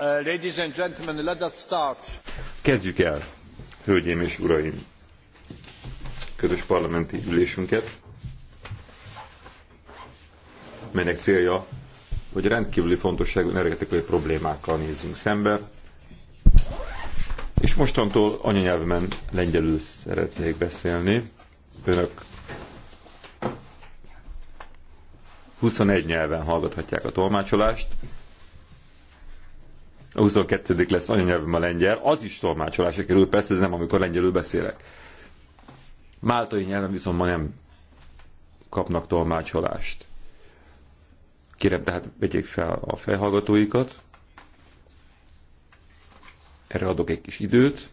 Uh, Kezdjük el, hölgyeim és uraim, közös parlamenti ülésünket, melynek célja, hogy rendkívüli fontosságú energetikai problémákkal nézzünk szembe, és mostantól anyanyelvemen lengyelül szeretnék beszélni. Önök 21 nyelven hallgathatják a tolmácsolást, a 22 lesz anyanyelvem a lengyel, az is tolmácsolásra kerül, persze ez nem, amikor lengyelül beszélek. Máltai nyelven viszont ma nem kapnak tolmácsolást. Kérem, tehát vegyék fel a felhallgatóikat. Erre adok egy kis időt.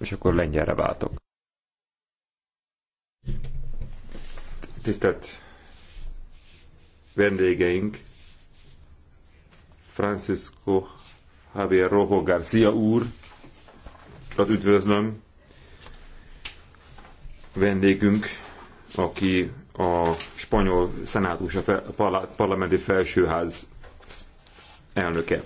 És akkor lengyelre váltok. Tisztelt vendégeink, Francisco Javier Rojo Garcia úr, üdvözlöm vendégünk, aki a spanyol szenátus, a parlamenti felsőház elnöke.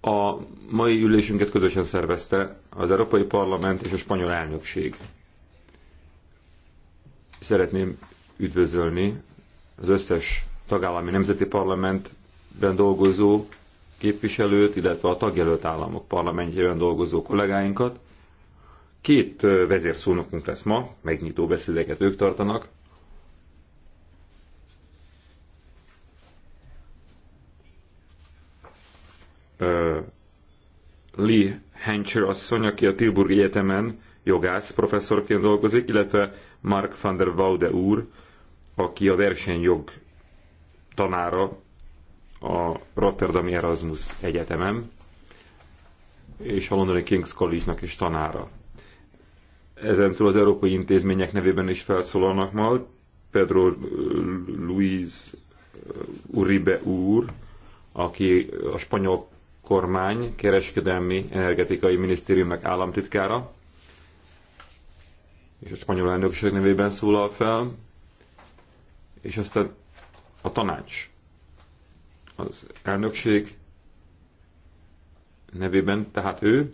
A mai ülésünket közösen szervezte az Európai Parlament és a spanyol elnökség. Szeretném üdvözölni az összes tagállami nemzeti parlamentben dolgozó képviselőt, illetve a tagjelölt államok parlamentjében dolgozó kollégáinkat. Két vezérszónokunk lesz ma, megnyitó beszédeket ők tartanak. Lee Hancher asszony, aki a Tilburgi Egyetemen jogász professzorként dolgozik, illetve Mark van der Waude úr, aki a versenyjog tanára a Rotterdami Erasmus Egyetemen, és a Londoni King's College-nak is tanára. Ezentúl az európai intézmények nevében is felszólalnak ma, Pedro Luis Uribe úr, aki a spanyol kormány kereskedelmi energetikai minisztériumnak államtitkára, és a spanyol elnökség nevében szólal fel, és aztán a tanács, az elnökség nevében, tehát ő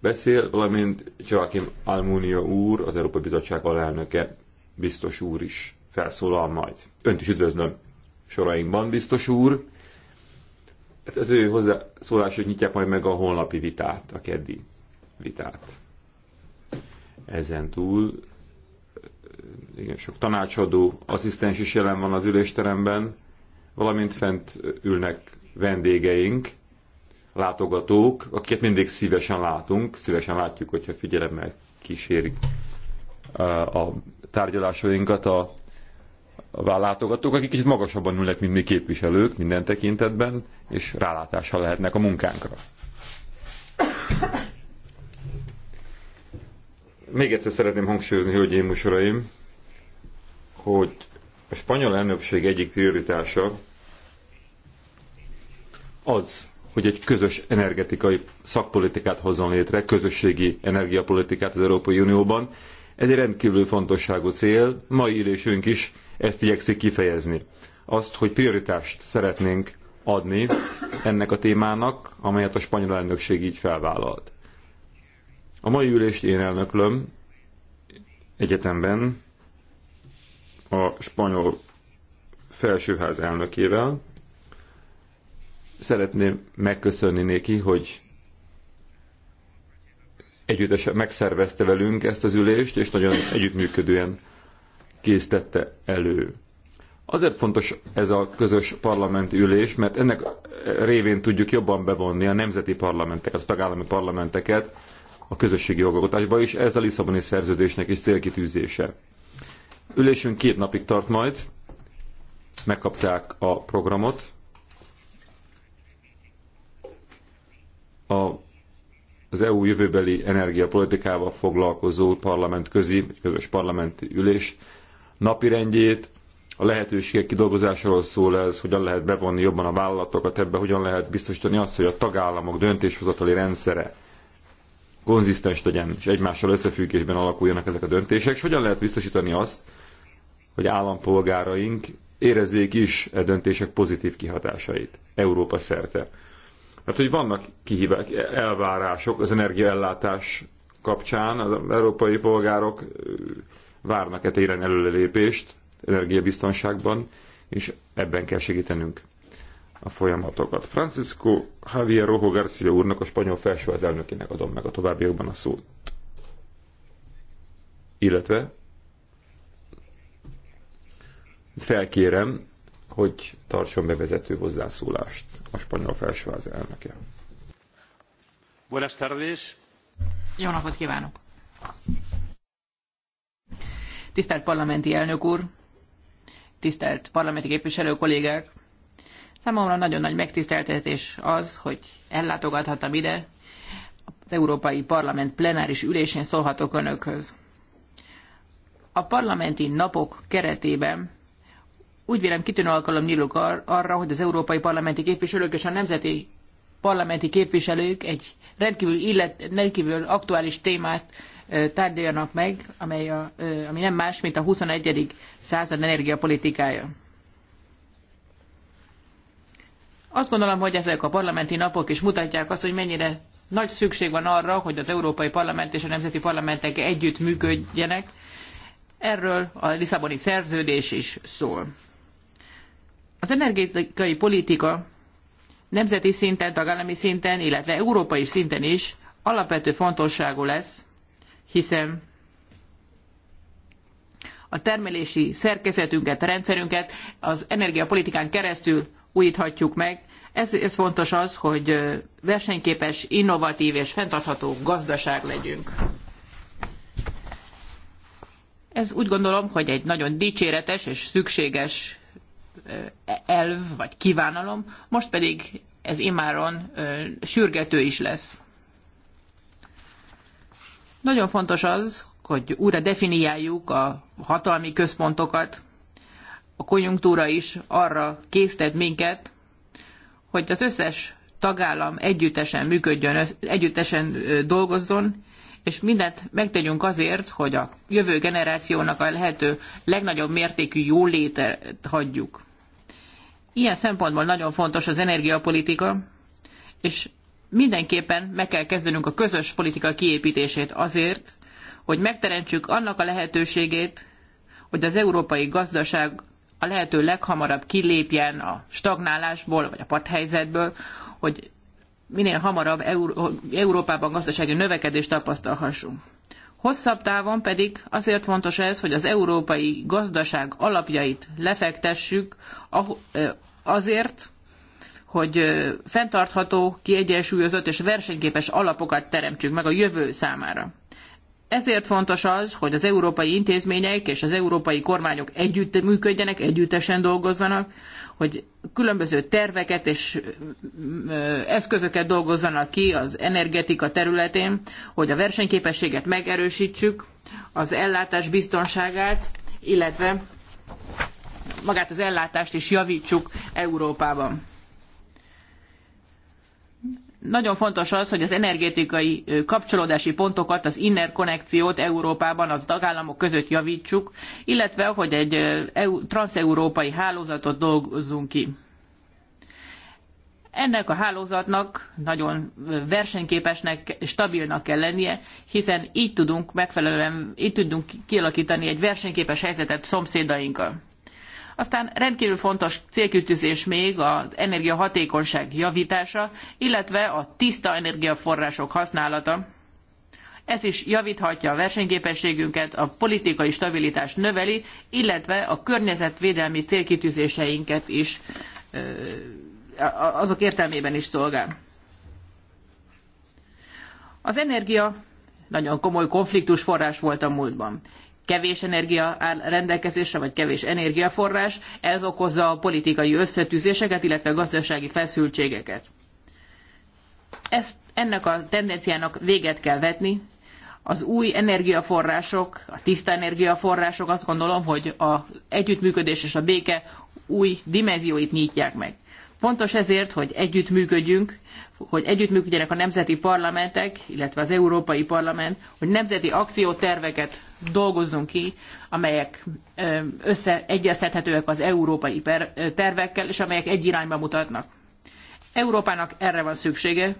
beszél, valamint Joachim Almunia úr, az Európai Bizottság alelnöke, biztos úr is felszólal majd. Önt is üdvözlöm sorainkban, biztos úr. Hát az ő hozzászólások nyitják majd meg a holnapi vitát, a keddi vitát. Ezen túl igen, sok tanácsadó, asszisztens is jelen van az ülésteremben, valamint fent ülnek vendégeink, látogatók, akiket mindig szívesen látunk, szívesen látjuk, hogyha figyelemmel kísérik a tárgyalásainkat a, a látogatók, akik kicsit magasabban ülnek, mint mi képviselők minden tekintetben, és rálátással lehetnek a munkánkra. Még egyszer szeretném hangsúlyozni, hölgyeim, uraim, hogy a spanyol elnökség egyik prioritása az, hogy egy közös energetikai szakpolitikát hozzon létre, közösségi energiapolitikát az Európai Unióban. Ez egy rendkívül fontosságú cél, mai ülésünk is ezt igyekszik kifejezni. Azt, hogy prioritást szeretnénk adni ennek a témának, amelyet a spanyol elnökség így felvállalt. A mai ülést én elnöklöm egyetemben a spanyol felsőház elnökével. Szeretném megköszönni neki, hogy együttesen megszervezte velünk ezt az ülést, és nagyon együttműködően készítette elő. Azért fontos ez a közös parlamenti ülés, mert ennek révén tudjuk jobban bevonni a nemzeti parlamenteket, a tagállami parlamenteket a közösségi jogalkotásba, és ez a Lisszaboni szerződésnek is célkitűzése. Ülésünk két napig tart majd, megkapták a programot. A, az EU jövőbeli energiapolitikával foglalkozó parlament közi, vagy közös parlamenti ülés napirendjét, a lehetőségek kidolgozásáról szól ez, hogyan lehet bevonni jobban a vállalatokat ebbe, hogyan lehet biztosítani azt, hogy a tagállamok döntéshozatali rendszere konzisztens legyen, és egymással összefüggésben alakuljanak ezek a döntések, és hogyan lehet biztosítani azt, hogy állampolgáraink érezzék is e döntések pozitív kihatásait Európa szerte. Hát, hogy vannak kihívások elvárások az energiaellátás kapcsán, az európai polgárok várnak e téren előrelépést energiabiztonságban, és ebben kell segítenünk a folyamatokat. Francisco Javier Rojo Garcia úrnak, a spanyol az elnökének adom meg a továbbiakban a szót. Illetve felkérem, hogy tartson bevezető hozzászólást a spanyol az elnöke. Buenas tardes. Jó napot kívánok! Tisztelt parlamenti elnök úr, tisztelt parlamenti képviselő kollégák, Számomra nagyon nagy megtiszteltetés az, hogy ellátogathattam ide, az Európai Parlament plenáris ülésén szólhatok önökhöz. A parlamenti napok keretében úgy vélem kitűnő alkalom nyílik ar- arra, hogy az európai parlamenti képviselők és a nemzeti parlamenti képviselők egy rendkívül, illet, rendkívül aktuális témát tárgyaljanak meg, amely a, ami nem más, mint a 21. század energiapolitikája. Azt gondolom, hogy ezek a parlamenti napok is mutatják azt, hogy mennyire nagy szükség van arra, hogy az Európai Parlament és a nemzeti parlamentek együtt működjenek. Erről a Lisszaboni szerződés is szól. Az energetikai politika nemzeti szinten, tagállami szinten, illetve európai szinten is alapvető fontosságú lesz, hiszen a termelési szerkezetünket, rendszerünket az energiapolitikán keresztül újíthatjuk meg. Ezért fontos az, hogy versenyképes, innovatív és fenntartható gazdaság legyünk. Ez úgy gondolom, hogy egy nagyon dicséretes és szükséges elv vagy kívánalom, most pedig ez imáron sürgető is lesz. Nagyon fontos az, hogy újra definiáljuk a hatalmi központokat, a konjunktúra is arra késztet minket, hogy az összes tagállam együttesen működjön, együttesen dolgozzon, és mindent megtegyünk azért, hogy a jövő generációnak a lehető legnagyobb mértékű jólétet hagyjuk. Ilyen szempontból nagyon fontos az energiapolitika, és mindenképpen meg kell kezdenünk a közös politika kiépítését azért, hogy megteremtsük annak a lehetőségét, hogy az európai gazdaság a lehető leghamarabb kilépjen a stagnálásból, vagy a padhelyzetből, hogy minél hamarabb Euró- Európában gazdasági növekedést tapasztalhassunk. Hosszabb távon pedig azért fontos ez, hogy az európai gazdaság alapjait lefektessük azért, hogy fenntartható, kiegyensúlyozott és versenyképes alapokat teremtsünk meg a jövő számára. Ezért fontos az, hogy az európai intézmények és az európai kormányok együtt működjenek, együttesen dolgozzanak, hogy különböző terveket és eszközöket dolgozzanak ki az energetika területén, hogy a versenyképességet megerősítsük, az ellátás biztonságát, illetve magát az ellátást is javítsuk Európában. Nagyon fontos az, hogy az energetikai kapcsolódási pontokat, az interkonnekciót Európában az tagállamok között javítsuk, illetve hogy egy transeurópai hálózatot dolgozzunk ki. Ennek a hálózatnak nagyon versenyképesnek, stabilnak kell lennie, hiszen így tudunk megfelelően, így tudunk kialakítani egy versenyképes helyzetet szomszédainkkal. Aztán rendkívül fontos célkütőzés még az energiahatékonyság javítása, illetve a tiszta energiaforrások használata. Ez is javíthatja a versenyképességünket, a politikai stabilitást növeli, illetve a környezetvédelmi célkitűzéseinket is azok értelmében is szolgál. Az energia nagyon komoly konfliktus forrás volt a múltban kevés energia áll rendelkezésre, vagy kevés energiaforrás, ez okozza a politikai összetűzéseket, illetve gazdasági feszültségeket. Ezt, ennek a tendenciának véget kell vetni. Az új energiaforrások, a tiszta energiaforrások azt gondolom, hogy az együttműködés és a béke új dimenzióit nyitják meg. Fontos ezért, hogy együttműködjünk, hogy együttműködjenek a nemzeti parlamentek, illetve az Európai Parlament, hogy nemzeti akcióterveket dolgozzunk ki, amelyek összeegyeztethetőek az európai tervekkel, és amelyek egy irányba mutatnak. Európának erre van szüksége,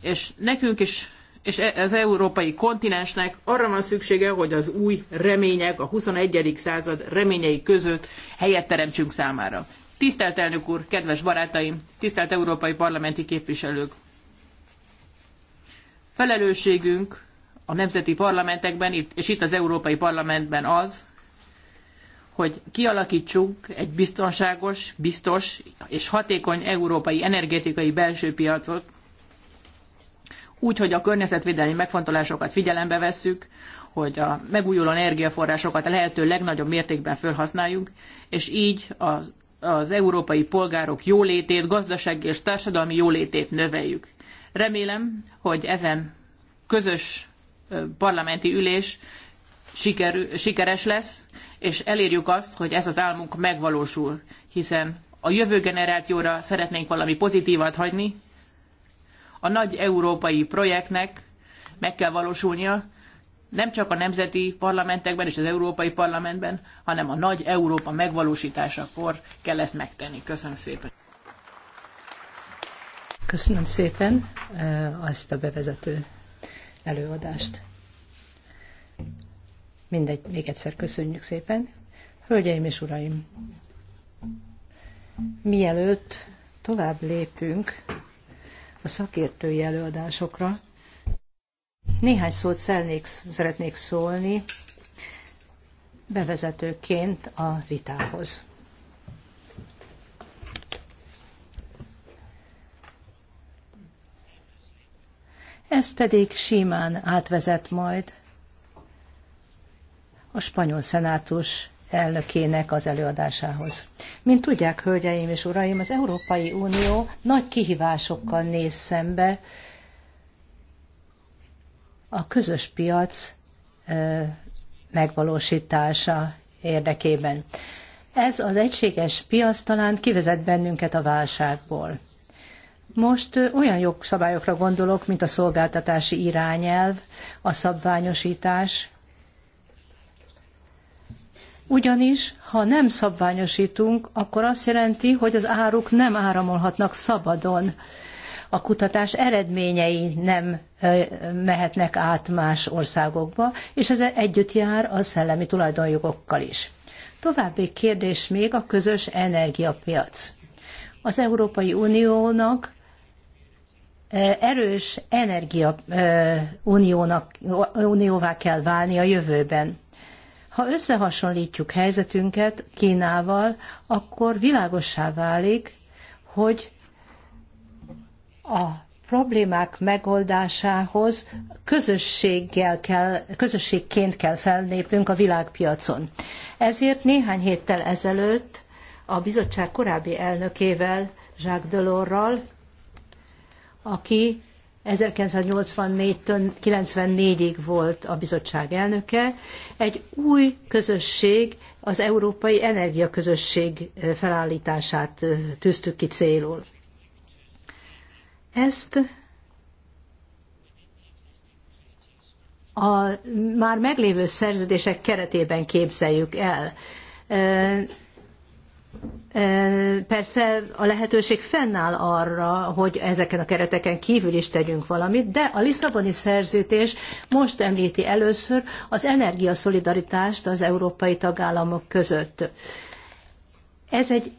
és nekünk is, és e-, az európai kontinensnek arra van szüksége, hogy az új remények, a 21. század reményei között helyet teremtsünk számára. Tisztelt elnök úr, kedves barátaim, tisztelt európai parlamenti képviselők! Felelősségünk a nemzeti parlamentekben és itt az Európai Parlamentben az, hogy kialakítsunk egy biztonságos, biztos és hatékony európai energetikai belső piacot, úgy, hogy a környezetvédelmi megfontolásokat figyelembe vesszük, hogy a megújuló energiaforrásokat a lehető legnagyobb mértékben felhasználjuk, és így az az európai polgárok jólétét, gazdasági és társadalmi jólétét növeljük. Remélem, hogy ezen közös parlamenti ülés siker, sikeres lesz, és elérjük azt, hogy ez az álmunk megvalósul, hiszen a jövő generációra szeretnénk valami pozitívat hagyni. A nagy európai projektnek meg kell valósulnia, nem csak a nemzeti parlamentekben és az Európai Parlamentben, hanem a nagy Európa megvalósításakor kell ezt megtenni. Köszönöm szépen. Köszönöm szépen eh, ezt a bevezető előadást. Mindegy, még egyszer köszönjük szépen. Hölgyeim és uraim, mielőtt tovább lépünk a szakértői előadásokra, néhány szót szelnék, szeretnék szólni bevezetőként a vitához. Ez pedig simán átvezet majd a spanyol szenátus elnökének az előadásához. Mint tudják, hölgyeim és uraim, az Európai Unió nagy kihívásokkal néz szembe, a közös piac megvalósítása érdekében. Ez az egységes piac talán kivezet bennünket a válságból. Most olyan jogszabályokra gondolok, mint a szolgáltatási irányelv, a szabványosítás. Ugyanis, ha nem szabványosítunk, akkor azt jelenti, hogy az áruk nem áramolhatnak szabadon a kutatás eredményei nem mehetnek át más országokba, és ez együtt jár a szellemi tulajdonjogokkal is. További kérdés még a közös energiapiac. Az Európai Uniónak erős uniónak, unióvá kell válni a jövőben. Ha összehasonlítjuk helyzetünket Kínával, akkor világossá válik, hogy a problémák megoldásához közösséggel kell, közösségként kell fellépnünk a világpiacon. Ezért néhány héttel ezelőtt a bizottság korábbi elnökével, Jacques Delorral, aki 1984 94-ig volt a bizottság elnöke, egy új közösség, az Európai Energiaközösség felállítását tűztük ki célul. Ezt a már meglévő szerződések keretében képzeljük el. Persze a lehetőség fennáll arra, hogy ezeken a kereteken kívül is tegyünk valamit, de a Lisszaboni szerződés most említi először az energiaszolidaritást az európai tagállamok között. Ez egy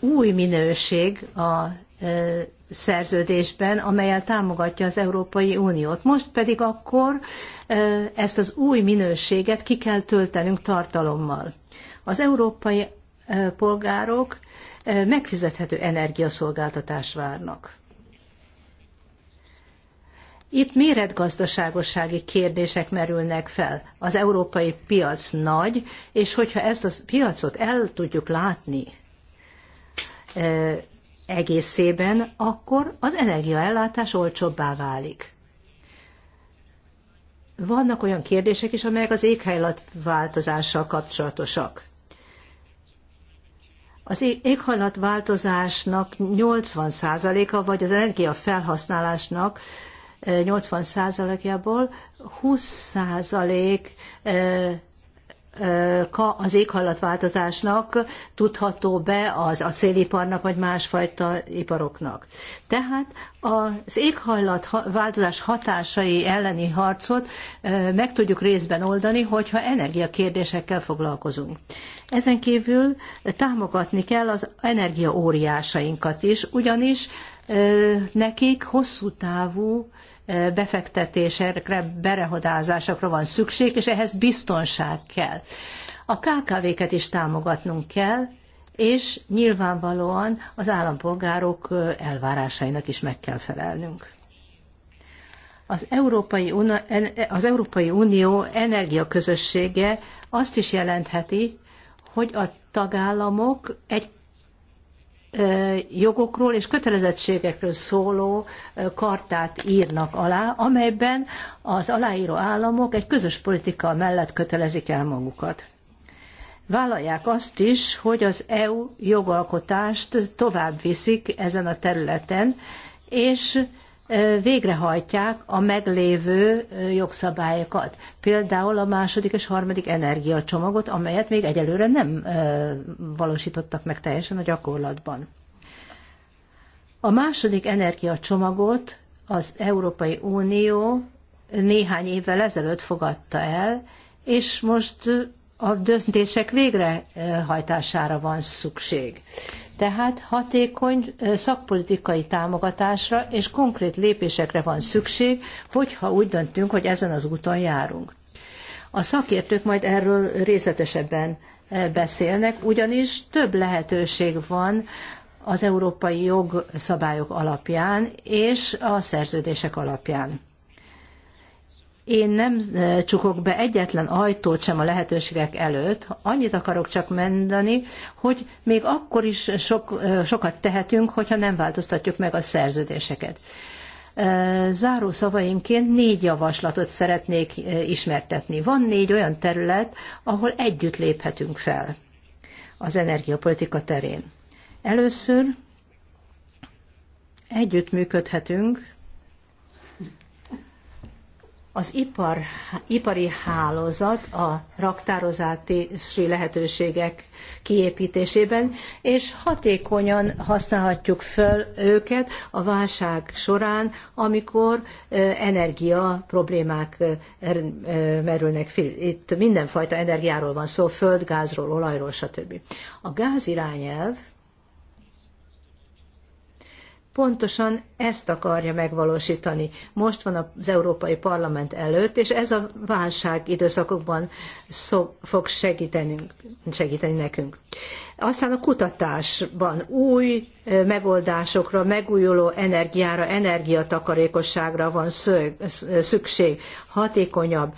új minőség a szerződésben, amelyel támogatja az Európai Uniót. Most pedig akkor ezt az új minőséget ki kell töltenünk tartalommal. Az európai polgárok megfizethető energiaszolgáltatást várnak. Itt méretgazdaságossági kérdések merülnek fel. Az európai piac nagy, és hogyha ezt a piacot el tudjuk látni, egészében, akkor az energiaellátás olcsóbbá válik. Vannak olyan kérdések is, amelyek az éghajlatváltozással kapcsolatosak. Az éghajlatváltozásnak 80%-a, vagy az energiafelhasználásnak 80%-jából eh, 20% az éghajlatváltozásnak tudható be az acéliparnak, vagy másfajta iparoknak. Tehát az éghajlatváltozás hatásai elleni harcot meg tudjuk részben oldani, hogyha energiakérdésekkel foglalkozunk. Ezen kívül támogatni kell az energiaóriásainkat is, ugyanis nekik hosszú távú befektetésekre, berehodázásokra van szükség, és ehhez biztonság kell. A KKV-ket is támogatnunk kell, és nyilvánvalóan az állampolgárok elvárásainak is meg kell felelnünk. Az Európai, az Európai Unió energiaközössége azt is jelentheti, hogy a tagállamok egy jogokról és kötelezettségekről szóló kartát írnak alá, amelyben az aláíró államok egy közös politika mellett kötelezik el magukat. Vállalják azt is, hogy az EU jogalkotást tovább viszik ezen a területen, és végrehajtják a meglévő jogszabályokat. Például a második és harmadik energiacsomagot, amelyet még egyelőre nem valósítottak meg teljesen a gyakorlatban. A második energiacsomagot az Európai Unió néhány évvel ezelőtt fogadta el, és most a döntések végrehajtására van szükség. Tehát hatékony szakpolitikai támogatásra és konkrét lépésekre van szükség, hogyha úgy döntünk, hogy ezen az úton járunk. A szakértők majd erről részletesebben beszélnek, ugyanis több lehetőség van az európai jogszabályok alapján és a szerződések alapján én nem e, csukok be egyetlen ajtót sem a lehetőségek előtt, annyit akarok csak mondani, hogy még akkor is sok, e, sokat tehetünk, hogyha nem változtatjuk meg a szerződéseket. E, záró szavaimként négy javaslatot szeretnék ismertetni. Van négy olyan terület, ahol együtt léphetünk fel az energiapolitika terén. Először együttműködhetünk az ipar, ipari hálózat a raktározási lehetőségek kiépítésében, és hatékonyan használhatjuk föl őket a válság során, amikor energia problémák er, merülnek fel. Itt mindenfajta energiáról van szó, földgázról, olajról, stb. A gázirányelv pontosan ezt akarja megvalósítani. Most van az Európai Parlament előtt, és ez a válság időszakokban szok, fog segítenünk, segíteni nekünk. Aztán a kutatásban új megoldásokra, megújuló energiára, energiatakarékosságra van szükség, hatékonyabb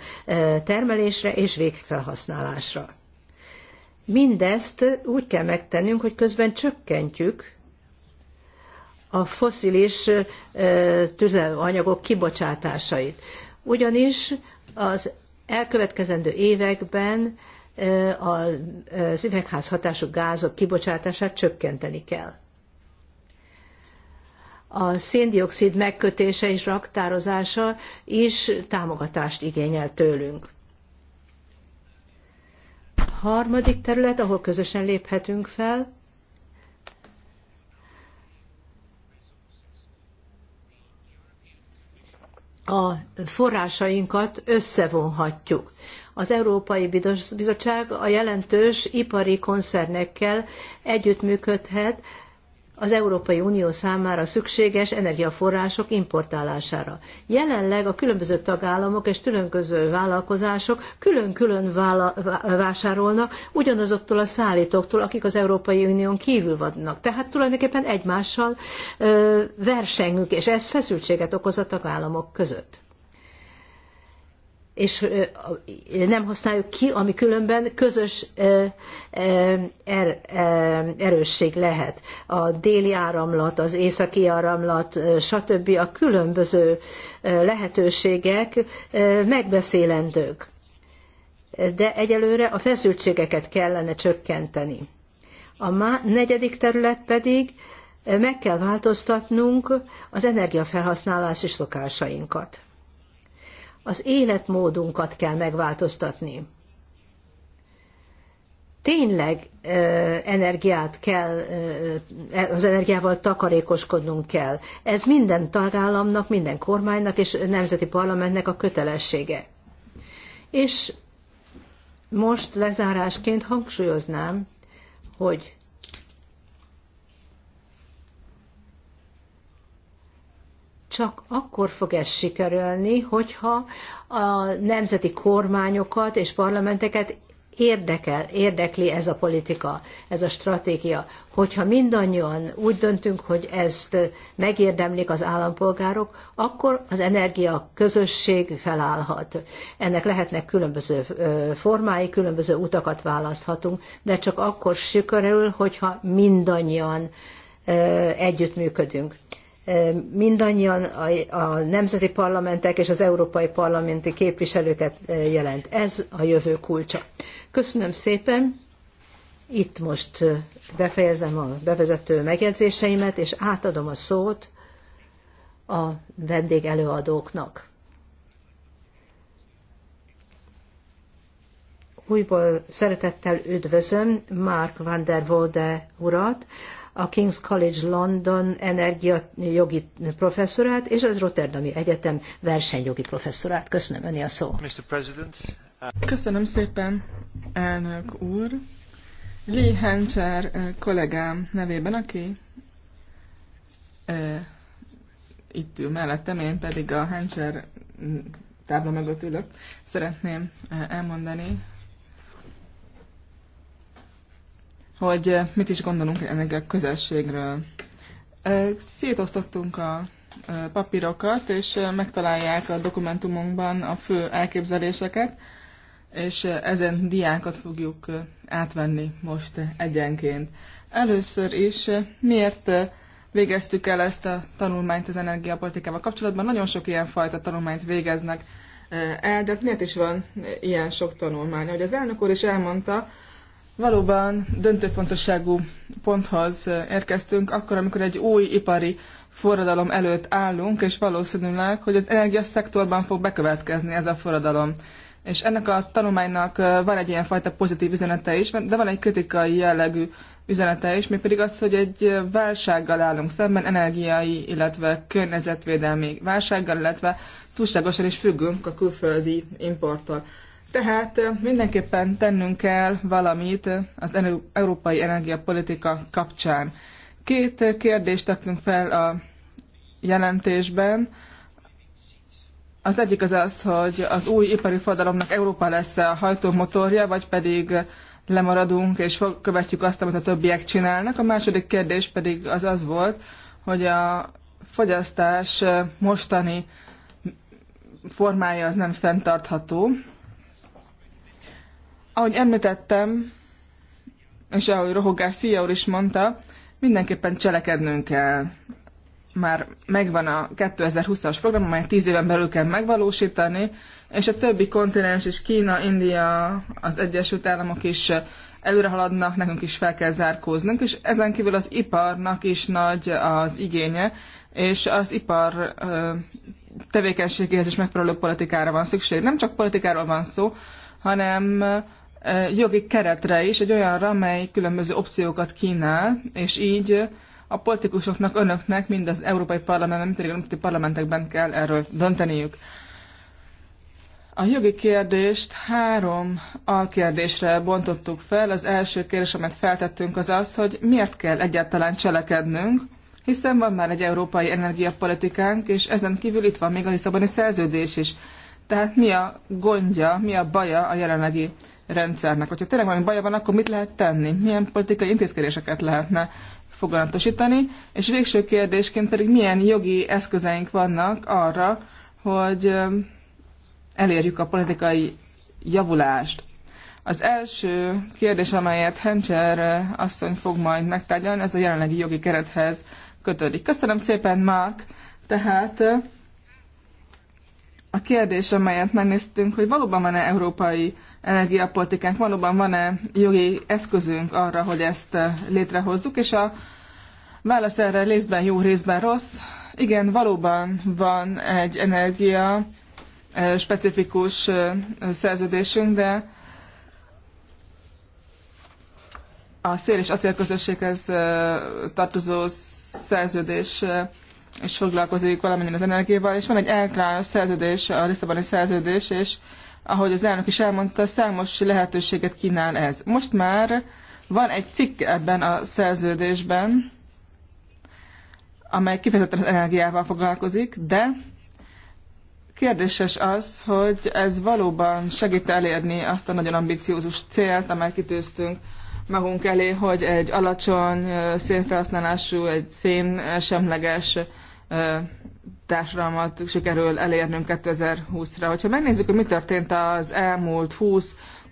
termelésre és végfelhasználásra. Mindezt úgy kell megtennünk, hogy közben csökkentjük a foszilis tüzelőanyagok kibocsátásait. Ugyanis az elkövetkezendő években az üvegházhatású gázok kibocsátását csökkenteni kell. A széndiokszid megkötése és raktározása is támogatást igényel tőlünk. Harmadik terület, ahol közösen léphetünk fel, a forrásainkat összevonhatjuk. Az Európai Bizottság a jelentős ipari koncernekkel együttműködhet, az Európai Unió számára szükséges energiaforrások importálására. Jelenleg a különböző tagállamok és különböző vállalkozások külön-külön vásárolnak ugyanazoktól a szállítóktól, akik az Európai Unión kívül vannak. Tehát tulajdonképpen egymással ö, versengünk, és ez feszültséget okoz a tagállamok között és nem használjuk ki, ami különben közös er, erősség lehet. A déli áramlat, az északi áramlat, stb. a különböző lehetőségek megbeszélendők. De egyelőre a feszültségeket kellene csökkenteni. A negyedik terület pedig meg kell változtatnunk az energiafelhasználási szokásainkat az életmódunkat kell megváltoztatni. Tényleg energiát kell, az energiával takarékoskodnunk kell. Ez minden tagállamnak, minden kormánynak és nemzeti parlamentnek a kötelessége. És most lezárásként hangsúlyoznám, hogy csak akkor fog ez sikerülni, hogyha a nemzeti kormányokat és parlamenteket érdekel, érdekli ez a politika, ez a stratégia. Hogyha mindannyian úgy döntünk, hogy ezt megérdemlik az állampolgárok, akkor az energia közösség felállhat. Ennek lehetnek különböző formái, különböző utakat választhatunk, de csak akkor sikerül, hogyha mindannyian együttműködünk mindannyian a, a nemzeti parlamentek és az európai parlamenti képviselőket jelent. Ez a jövő kulcsa. Köszönöm szépen. Itt most befejezem a bevezető megjegyzéseimet, és átadom a szót a vendégelőadóknak. Újból szeretettel üdvözöm Mark van der Wode urat, a King's College London energiajogi professzorát, és az Rotterdami Egyetem versenyjogi professzorát. Köszönöm, Öni a szó. Uh, Köszönöm szépen, elnök úr. Lee Hancher uh, kollégám nevében, aki eh, itt ül mellettem, én pedig a Hancher mm, tábla mögött ülök, szeretném elmondani, hogy mit is gondolunk ennek a közösségről. Szétosztottunk a papírokat, és megtalálják a dokumentumunkban a fő elképzeléseket, és ezen diákat fogjuk átvenni most egyenként. Először is miért végeztük el ezt a tanulmányt az energiapolitikával kapcsolatban? Nagyon sok ilyen fajta tanulmányt végeznek el, de hát miért is van ilyen sok tanulmány? Ahogy az elnök úr is elmondta, Valóban döntő fontosságú ponthoz eh, érkeztünk, akkor, amikor egy új ipari forradalom előtt állunk, és valószínűleg, hogy az energiaszektorban fog bekövetkezni ez a forradalom. És ennek a tanulmánynak eh, van egy ilyen fajta pozitív üzenete is, de van egy kritikai jellegű üzenete is, mégpedig az, hogy egy eh, válsággal állunk szemben, energiai, illetve környezetvédelmi válsággal, illetve túlságosan is függünk a külföldi importtól. Tehát mindenképpen tennünk kell valamit az európai energiapolitika kapcsán. Két kérdést tettünk fel a jelentésben. Az egyik az az, hogy az új ipari fordalomnak Európa lesz a hajtómotorja, vagy pedig lemaradunk és követjük azt, amit a többiek csinálnak. A második kérdés pedig az az volt, hogy a fogyasztás mostani formája az nem fenntartható, ahogy említettem, és ahogy Rohogás Szia úr is mondta, mindenképpen cselekednünk kell. Már megvan a 2020-as program, amely 10 éven belül kell megvalósítani, és a többi kontinens is, Kína, India, az Egyesült Államok is előre haladnak, nekünk is fel kell zárkóznunk, és ezen kívül az iparnak is nagy az igénye, és az ipar tevékenységéhez is megfelelő politikára van szükség. Nem csak politikáról van szó, hanem Eh, jogi keretre is, egy olyanra, amely különböző opciókat kínál, és így a politikusoknak, önöknek, mind az Európai Parlamentben, mint pedig a Európai parlamentekben kell erről dönteniük. A jogi kérdést három alkérdésre bontottuk fel. Az első kérdés, amit feltettünk, az az, hogy miért kell egyáltalán cselekednünk, hiszen van már egy európai energiapolitikánk, és ezen kívül itt van még a Lisszaboni szerződés is. Tehát mi a gondja, mi a baja a jelenlegi rendszernek. Hogyha tényleg valami baja van, akkor mit lehet tenni? Milyen politikai intézkedéseket lehetne foganatosítani? És végső kérdésként pedig milyen jogi eszközeink vannak arra, hogy elérjük a politikai javulást? Az első kérdés, amelyet Hencser asszony fog majd megtárgyalni, ez a jelenlegi jogi kerethez kötődik. Köszönöm szépen, Mark! Tehát a kérdés, amelyet megnéztünk, hogy valóban van-e európai energiapolitikánk. Valóban van-e jogi eszközünk arra, hogy ezt eh, létrehozzuk, és a válasz erre részben jó, részben rossz. Igen, valóban van egy energia eh, specifikus eh, szerződésünk, de a szél és acélközösséghez tartozó szerződés és foglalkozik valamennyire az energiával, és van egy eltrán szerződés, a Lisszaboni szerződés, és ahogy az elnök is elmondta, számos lehetőséget kínál ez. Most már van egy cikk ebben a szerződésben, amely kifejezetten az energiával foglalkozik, de kérdéses az, hogy ez valóban segít elérni azt a nagyon ambiciózus célt, amely kitűztünk magunk elé, hogy egy alacsony szénfelhasználású, egy semleges társadalmat sikerül elérnünk 2020-ra. Hogyha megnézzük, hogy mi történt az elmúlt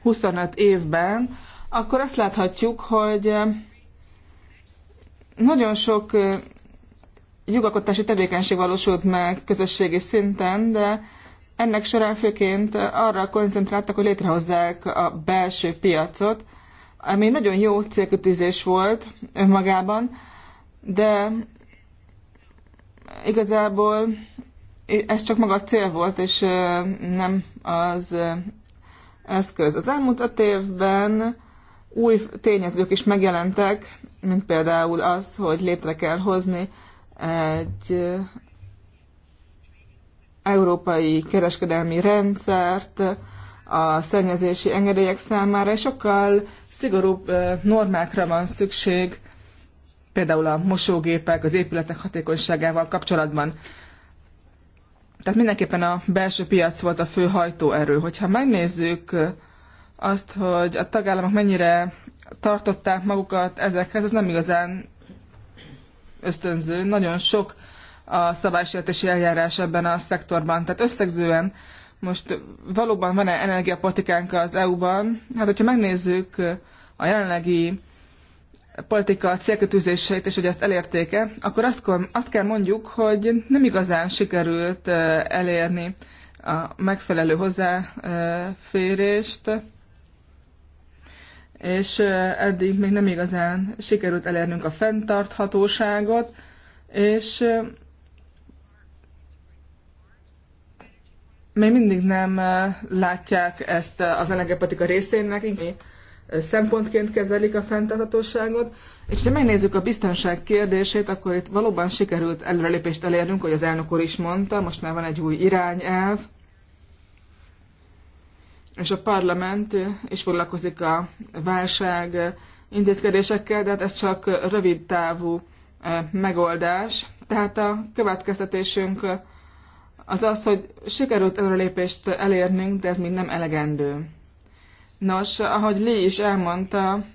20-25 évben, akkor azt láthatjuk, hogy eh, nagyon sok eh, jogalkotási tevékenység valósult meg közösségi szinten, de ennek során főként arra koncentráltak, hogy létrehozzák a belső piacot, ami nagyon jó célkötőzés volt önmagában, de Igazából ez csak maga a cél volt, és nem az eszköz. Az elmúlt a évben új tényezők is megjelentek, mint például az, hogy létre kell hozni egy európai kereskedelmi rendszert a szennyezési engedélyek számára, és sokkal szigorúbb normákra van szükség például a mosógépek, az épületek hatékonyságával kapcsolatban. Tehát mindenképpen a belső piac volt a fő hajtóerő. Hogyha megnézzük azt, hogy a tagállamok mennyire tartották magukat ezekhez, az nem igazán ösztönző. Nagyon sok a szabálysértési eljárás ebben a szektorban. Tehát összegzően most valóban van-e energiapolitikánk az EU-ban? Hát, hogyha megnézzük a jelenlegi politika célkötőzéseit, és hogy ezt elérték-e, akkor azt, azt kell mondjuk, hogy nem igazán sikerült elérni a megfelelő hozzáférést, és eddig még nem igazán sikerült elérnünk a fenntarthatóságot, és még mindig nem látják ezt az energetika részének, mi szempontként kezelik a fenntarthatóságot, és ha megnézzük a biztonság kérdését, akkor itt valóban sikerült előrelépést elérnünk, hogy az elnök úr is mondta, most már van egy új irányelv, és a parlament is foglalkozik a válság intézkedésekkel, de hát ez csak rövid távú eh, megoldás. Tehát a következtetésünk eh, az az, hogy sikerült előrelépést elérnünk, de ez még nem elegendő. Nos, ahogy Lee is elmondta,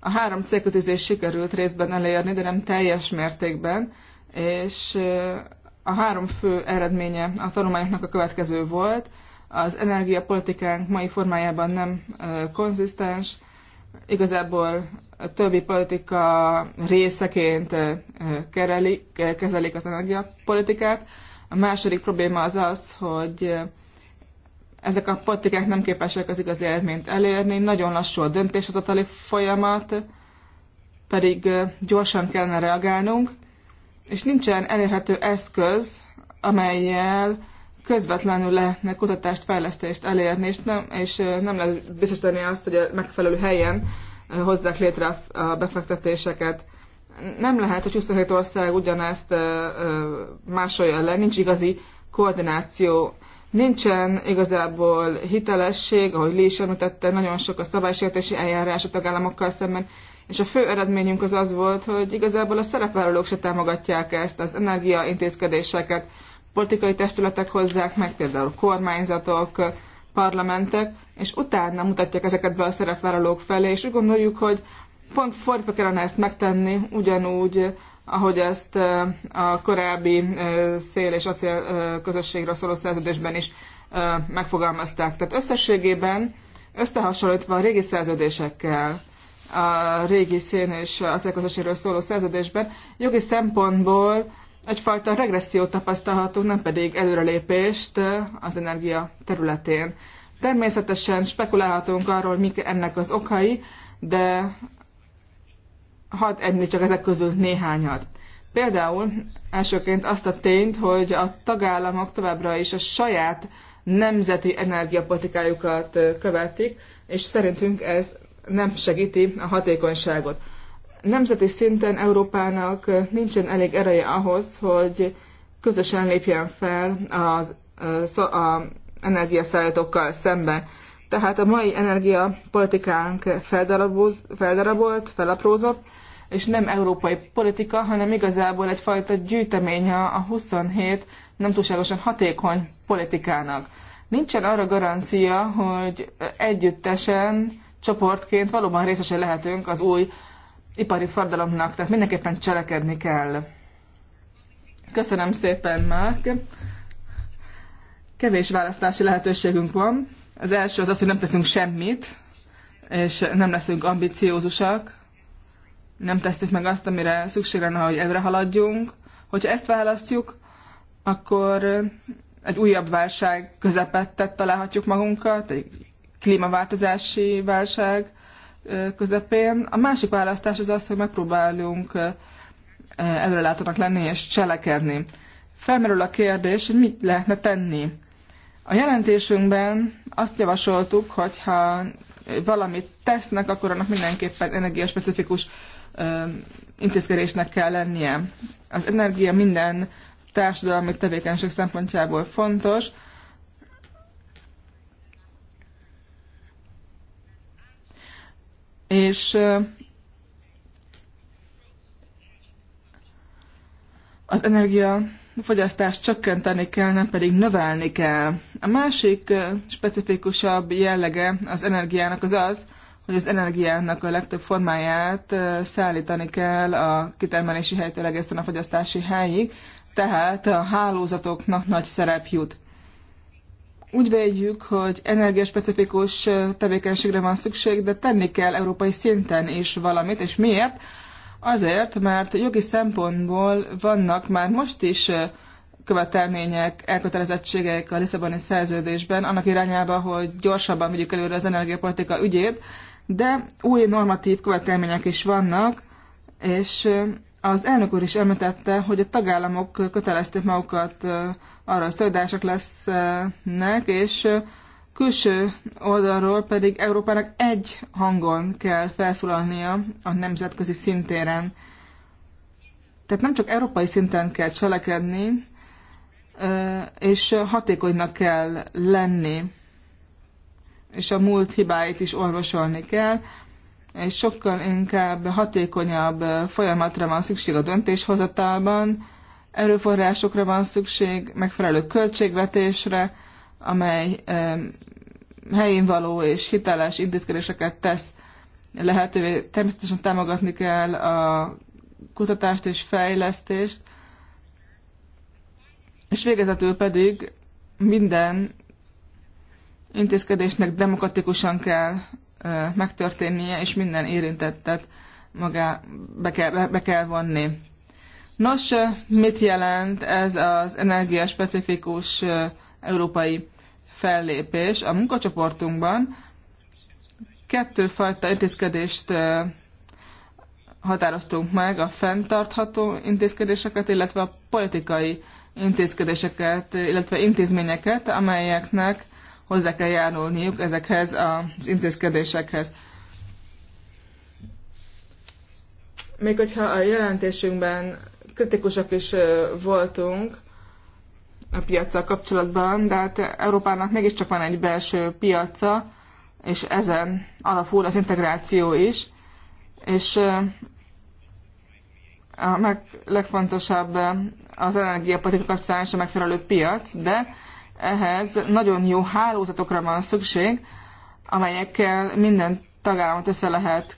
a három célkötőzés sikerült részben elérni, de nem teljes mértékben, és eh, a három fő eredménye a tanulmányoknak a következő volt. Az energiapolitikánk mai formájában nem eh, konzisztens, igazából a többi politika részeként eh, kerelik, kezelik az energiapolitikát. A második probléma az az, hogy ezek a politikák nem képesek az igazi eredményt elérni, nagyon lassú a döntéshozatali folyamat, pedig gyorsan kellene reagálnunk, és nincsen elérhető eszköz, amelyel közvetlenül lehetne kutatást, fejlesztést elérni, és nem, és nem lehet biztosítani azt, hogy a megfelelő helyen hozzák létre a befektetéseket. Nem lehet, hogy 27 ország ugyanezt másolja le, nincs igazi koordináció Nincsen igazából hitelesség, ahogy Lee is említette, nagyon sok a szabálysértési eljárás a tagállamokkal szemben, és a fő eredményünk az az volt, hogy igazából a szerepvállalók se támogatják ezt, az energiaintézkedéseket, politikai testületek hozzák meg, például kormányzatok, parlamentek, és utána mutatják ezeket be a szerepvállalók felé, és úgy gondoljuk, hogy pont fordítva kellene ezt megtenni, ugyanúgy ahogy ezt a korábbi szél és acél közösségről szóló szerződésben is megfogalmazták. Tehát összességében összehasonlítva a régi szerződésekkel, a régi szén és acélközösségről szóló szerződésben, jogi szempontból egyfajta regressziót tapasztalhatunk, nem pedig előrelépést az energia területén. Természetesen spekulálhatunk arról, mik ennek az okai, de hadd említ csak ezek közül néhányat. Például elsőként azt a tényt, hogy a tagállamok továbbra is a saját nemzeti energiapolitikájukat követik, és szerintünk ez nem segíti a hatékonyságot. Nemzeti szinten Európának nincsen elég ereje ahhoz, hogy közösen lépjen fel az, az, az energiaszállítókkal szemben. Tehát a mai energiapolitikánk feldarabolt felaprózott, és nem európai politika, hanem igazából egyfajta gyűjteménye a 27 nem túlságosan hatékony politikának. Nincsen arra garancia, hogy együttesen, csoportként valóban részesen lehetünk az új ipari fordalomnak, tehát mindenképpen cselekedni kell. Köszönöm szépen, Márk! Kevés választási lehetőségünk van. Az első az az, hogy nem teszünk semmit, és nem leszünk ambiciózusak, nem tesszük meg azt, amire szükség lenne, hogy előre haladjunk. Hogyha ezt választjuk, akkor egy újabb válság közepette találhatjuk magunkat, egy klímaváltozási válság közepén. A másik választás az az, hogy megpróbálunk előrelátónak lenni és cselekedni. Felmerül a kérdés, hogy mit lehetne tenni. A jelentésünkben azt javasoltuk, hogy ha valamit tesznek, akkor annak mindenképpen energiaspecifikus intézkedésnek kell lennie. Az energia minden társadalmi tevékenység szempontjából fontos, és az energia fogyasztást csökkenteni kell, nem pedig növelni kell. A másik specifikusabb jellege az energiának az az, hogy az energiának a legtöbb formáját szállítani kell a kitermelési helytől egészen a fogyasztási helyig, tehát a hálózatoknak nagy szerep jut. Úgy védjük, hogy energiaspecifikus tevékenységre van szükség, de tenni kell európai szinten is valamit, és miért? Azért, mert jogi szempontból vannak már most is követelmények, elkötelezettségek a Lisszaboni szerződésben annak irányába, hogy gyorsabban vigyük előre az energiapolitika ügyét, de új normatív követelmények is vannak, és az elnök úr is említette, hogy a tagállamok kötelezték magukat arra, hogy szolidárisak lesznek, és külső oldalról pedig Európának egy hangon kell felszólalnia a nemzetközi szintéren. Tehát nem csak európai szinten kell cselekedni, és hatékonynak kell lenni és a múlt hibáit is orvosolni kell, és sokkal inkább hatékonyabb folyamatra van szükség a döntéshozatalban, erőforrásokra van szükség, megfelelő költségvetésre, amely helyén való és hiteles intézkedéseket tesz lehetővé. Természetesen támogatni kell a kutatást és fejlesztést, és végezetül pedig minden intézkedésnek demokratikusan kell megtörténnie, és minden érintettet magá be kell, be kell vonni. Nos, mit jelent ez az energiaspecifikus európai fellépés? A munkacsoportunkban kettőfajta intézkedést határoztunk meg, a fenntartható intézkedéseket, illetve a politikai intézkedéseket, illetve intézményeket, amelyeknek hozzá kell járulniuk ezekhez az intézkedésekhez. Még hogyha a jelentésünkben kritikusak is voltunk a piacsal kapcsolatban, de hát Európának mégiscsak van egy belső piaca, és ezen alapul az integráció is, és a meg legfontosabb az energiapolitika kapcsán is a megfelelő piac, de ehhez nagyon jó hálózatokra van szükség, amelyekkel minden tagállamot össze lehet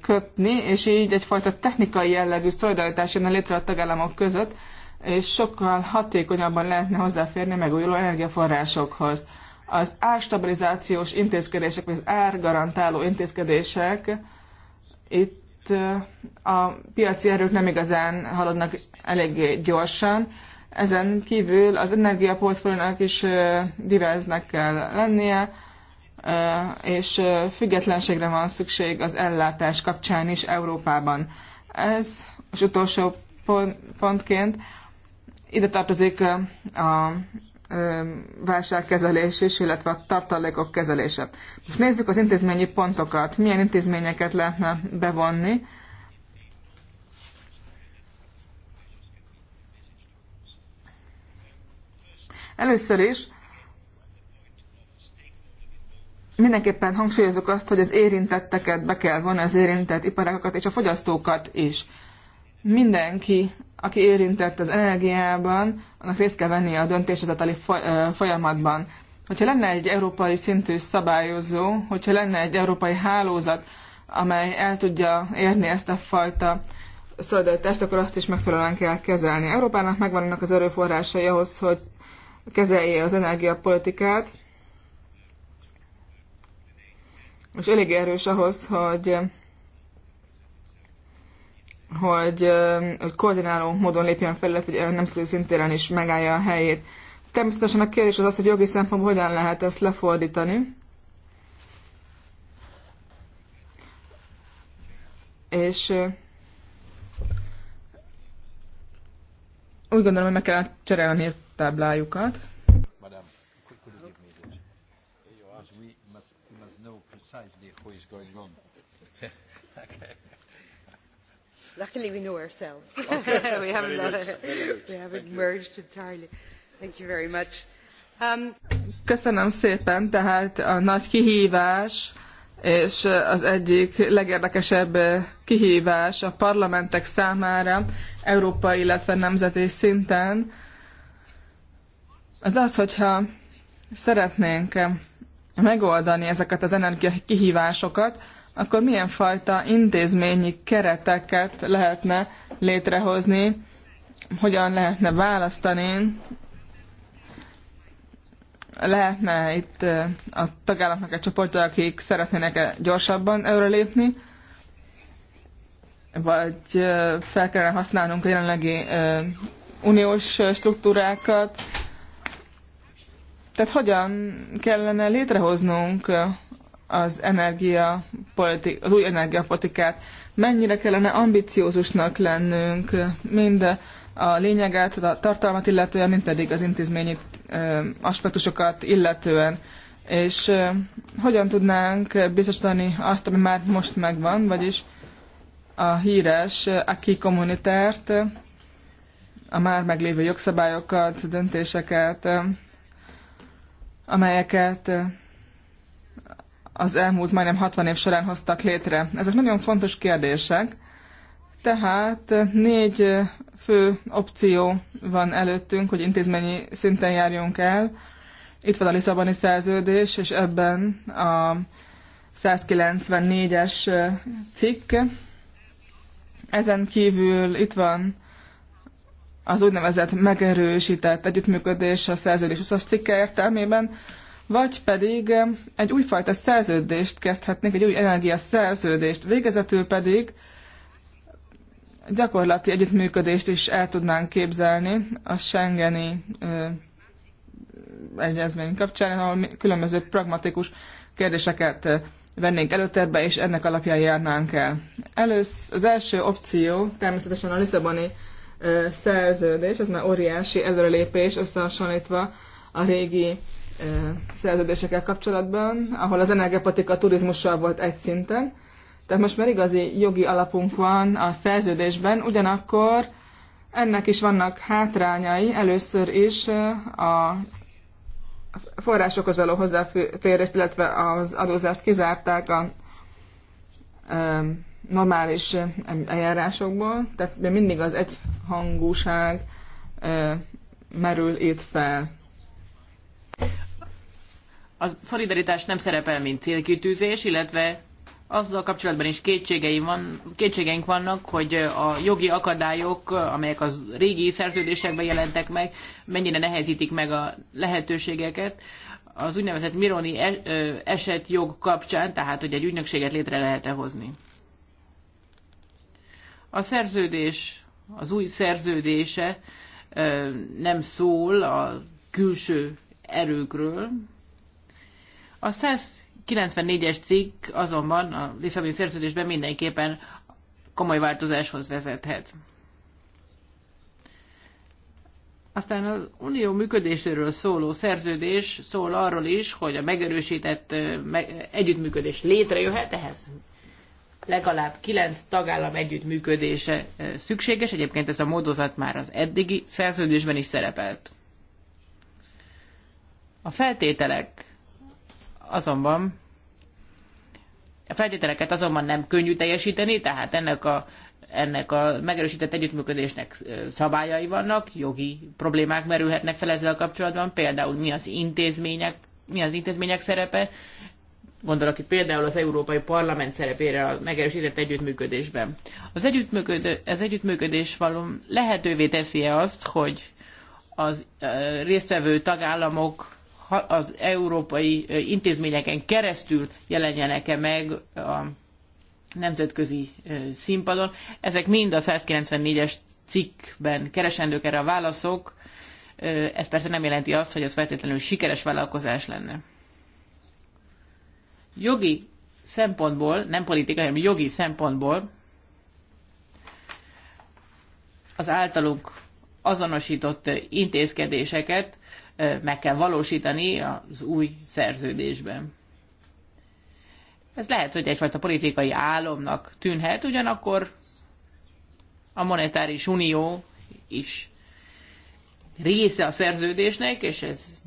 kötni, és így egyfajta technikai jellegű szolidaritás jönne létre a tagállamok között, és sokkal hatékonyabban lehetne hozzáférni megújuló energiaforrásokhoz. Az árstabilizációs intézkedések, vagy az árgarantáló intézkedések itt a piaci erők nem igazán haladnak eléggé gyorsan, ezen kívül az energiaportfóliónak is diverznek kell lennie, és függetlenségre van szükség az ellátás kapcsán is Európában. Ez az utolsó pontként ide tartozik a válságkezelés is, illetve a tartalékok kezelése. Most nézzük az intézményi pontokat. Milyen intézményeket lehetne bevonni Először is mindenképpen hangsúlyozok azt, hogy az érintetteket be kell vonni, az érintett iparágokat és a fogyasztókat is. Mindenki, aki érintett az energiában, annak részt kell venni a döntéshozatali folyamatban. Hogyha lenne egy európai szintű szabályozó, hogyha lenne egy európai hálózat, amely el tudja érni ezt a fajta szolidaritást, akkor azt is megfelelően kell kezelni. Európának megvannak az erőforrásai ahhoz, hogy kezelje az energiapolitikát, és elég erős ahhoz, hogy hogy, hogy koordináló módon lépjen fel, illetve hogy nemzetközi szintéren is megállja a helyét. Természetesen a kérdés az az, hogy jogi szempontból hogyan lehet ezt lefordítani. És Úgy gondolom, hogy meg kell cserélni a táblájukat. Luckily we know ourselves. Okay. we haven't, very very We haven't merged entirely. Thank you very much. Um... Köszönöm szépen, tehát a nagy kihívás és az egyik legérdekesebb kihívás a parlamentek számára, európai, illetve nemzeti szinten, az az, hogyha szeretnénk megoldani ezeket az energia kihívásokat, akkor milyen fajta intézményi kereteket lehetne létrehozni, hogyan lehetne választani lehetne itt a tagállamnak egy csoportja, akik szeretnének -e gyorsabban lépni, vagy fel kellene használnunk a jelenlegi uniós struktúrákat. Tehát hogyan kellene létrehoznunk az, energia az új energiapolitikát? Mennyire kellene ambiciózusnak lennünk mind a lényeget, a tartalmat illetően, mint pedig az intézményi aspektusokat illetően. És hogyan tudnánk biztosítani azt, ami már most megvan, vagyis a híres aki kommunitárt, a már meglévő jogszabályokat, döntéseket, amelyeket az elmúlt majdnem 60 év során hoztak létre. Ezek nagyon fontos kérdések, tehát négy fő opció van előttünk, hogy intézményi szinten járjunk el. Itt van a Lisszaboni szerződés, és ebben a 194-es cikk. Ezen kívül itt van az úgynevezett megerősített együttműködés a szerződés 20-as cikke értelmében, vagy pedig egy újfajta szerződést kezdhetnénk, egy új energiaszerződést. Végezetül pedig gyakorlati együttműködést is el tudnánk képzelni a Schengeni egyezmény kapcsán, ahol különböző pragmatikus kérdéseket vennénk előterbe és ennek alapján járnánk el. Elősz, az első opció természetesen a Lisszaboni ö, szerződés, ez már óriási előrelépés összehasonlítva a régi ö, szerződésekkel kapcsolatban, ahol az energetika turizmussal volt egy szinten. Tehát most már igazi jogi alapunk van a szerződésben, ugyanakkor ennek is vannak hátrányai, először is a forrásokhoz való hozzáférés, illetve az adózást kizárták a normális eljárásokból, tehát mindig az egyhangúság merül itt fel. A szolidaritás nem szerepel, mint célkitűzés, illetve azzal kapcsolatban is kétségeim van, kétségeink vannak, hogy a jogi akadályok, amelyek az régi szerződésekben jelentek meg, mennyire nehezítik meg a lehetőségeket. Az úgynevezett Mironi e-, eset jog kapcsán, tehát hogy egy ügynökséget létre lehet-e hozni. A szerződés, az új szerződése nem szól a külső erőkről. A 100 94-es cikk azonban a Lisszaboni szerződésben mindenképpen komoly változáshoz vezethet. Aztán az unió működéséről szóló szerződés szól arról is, hogy a megerősített együttműködés létrejöhet, ehhez legalább kilenc tagállam együttműködése szükséges. Egyébként ez a módozat már az eddigi szerződésben is szerepelt. A feltételek azonban a feltételeket azonban nem könnyű teljesíteni, tehát ennek a, ennek a megerősített együttműködésnek szabályai vannak, jogi problémák merülhetnek fel ezzel kapcsolatban, például mi az intézmények, mi az intézmények szerepe, gondolok itt például az Európai Parlament szerepére a megerősített együttműködésben. Az, együttműködő, az együttműködés való lehetővé teszi-e azt, hogy az résztvevő tagállamok az európai intézményeken keresztül jelenjenek-e meg a nemzetközi színpadon. Ezek mind a 194-es cikkben keresendők erre a válaszok. Ez persze nem jelenti azt, hogy ez feltétlenül sikeres vállalkozás lenne. Jogi szempontból, nem politikai, hanem jogi szempontból az általunk azonosított intézkedéseket meg kell valósítani az új szerződésben. Ez lehet, hogy egyfajta politikai álomnak tűnhet, ugyanakkor a monetáris unió is része a szerződésnek, és ez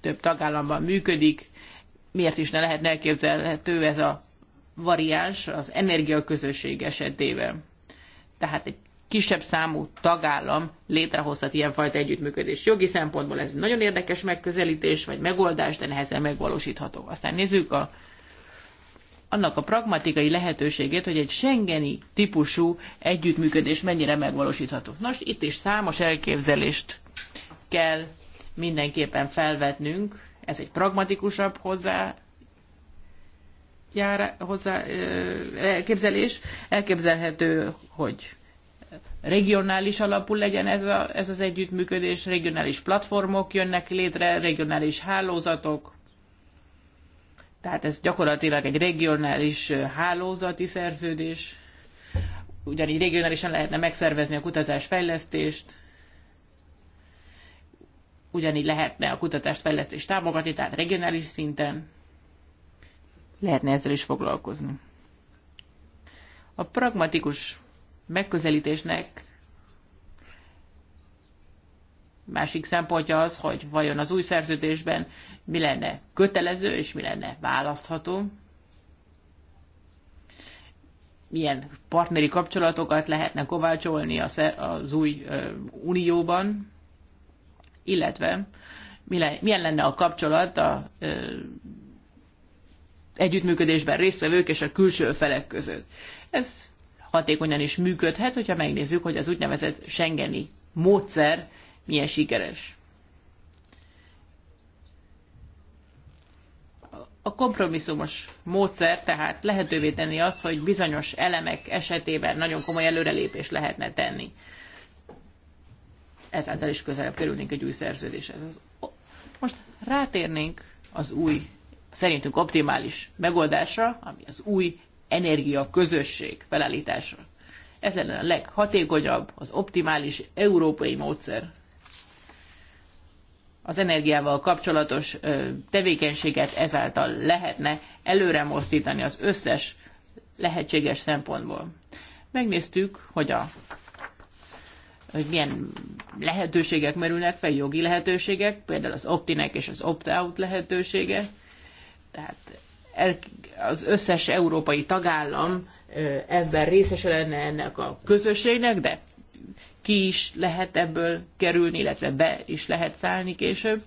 több tagállamban működik. Miért is ne lehetne elképzelhető ez a variáns az energiaközösség esetében? Tehát egy kisebb számú tagállam létrehozhat ilyenfajta együttműködést. Jogi szempontból ez egy nagyon érdekes megközelítés, vagy megoldás, de nehezen megvalósítható. Aztán nézzük a, annak a pragmatikai lehetőségét, hogy egy Schengeni típusú együttműködés mennyire megvalósítható. Nos, itt is számos elképzelést kell mindenképpen felvetnünk. Ez egy pragmatikusabb hozzá jár, hozzá elképzelés. Elképzelhető, hogy regionális alapú legyen ez, a, ez az együttműködés, regionális platformok jönnek létre, regionális hálózatok, tehát ez gyakorlatilag egy regionális hálózati szerződés, ugyanígy regionálisan lehetne megszervezni a kutatás fejlesztést. ugyanígy lehetne a kutatást fejlesztést támogatni, tehát regionális szinten lehetne ezzel is foglalkozni. A pragmatikus megközelítésnek másik szempontja az, hogy vajon az új szerződésben mi lenne kötelező és mi lenne választható, milyen partneri kapcsolatokat lehetne kovácsolni az új unióban, illetve milyen lenne a kapcsolat a együttműködésben résztvevők és a külső felek között. Ez hatékonyan is működhet, hogyha megnézzük, hogy az úgynevezett Schengeni módszer milyen sikeres. A kompromisszumos módszer tehát lehetővé tenni azt, hogy bizonyos elemek esetében nagyon komoly előrelépés lehetne tenni. Ezáltal is közelebb kerülnénk egy új szerződéshez. Most rátérnénk az új, szerintünk optimális megoldásra, ami az új energia közösség felállításra. Ez lenne a leghatékonyabb, az optimális európai módszer. Az energiával kapcsolatos tevékenységet ezáltal lehetne előre mozdítani az összes lehetséges szempontból. Megnéztük, hogy a hogy milyen lehetőségek merülnek fel, jogi lehetőségek, például az opt-inek és az opt-out lehetősége. Tehát az összes európai tagállam ebben részese lenne ennek a közösségnek, de ki is lehet ebből kerülni, illetve be is lehet szállni később.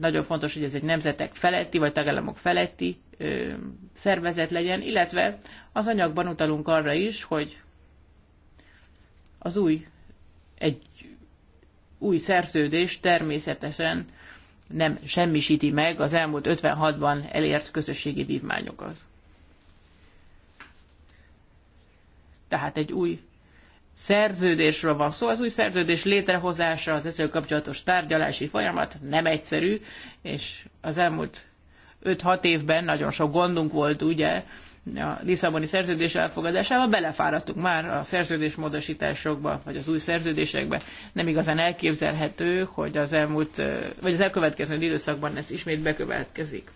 Nagyon fontos, hogy ez egy nemzetek feletti, vagy tagállamok feletti ö, szervezet legyen, illetve az anyagban utalunk arra is, hogy az új, egy új szerződés természetesen nem semmisíti meg az elmúlt 56-ban elért közösségi vívmányokat. Tehát egy új szerződésről van szó. Az új szerződés létrehozása, az ezzel kapcsolatos tárgyalási folyamat nem egyszerű, és az elmúlt 5-6 évben nagyon sok gondunk volt, ugye, a Lisszaboni szerződés elfogadásával, belefáradtunk már a szerződés vagy az új szerződésekbe. Nem igazán elképzelhető, hogy az elmúlt, vagy az elkövetkező időszakban ez ismét bekövetkezik.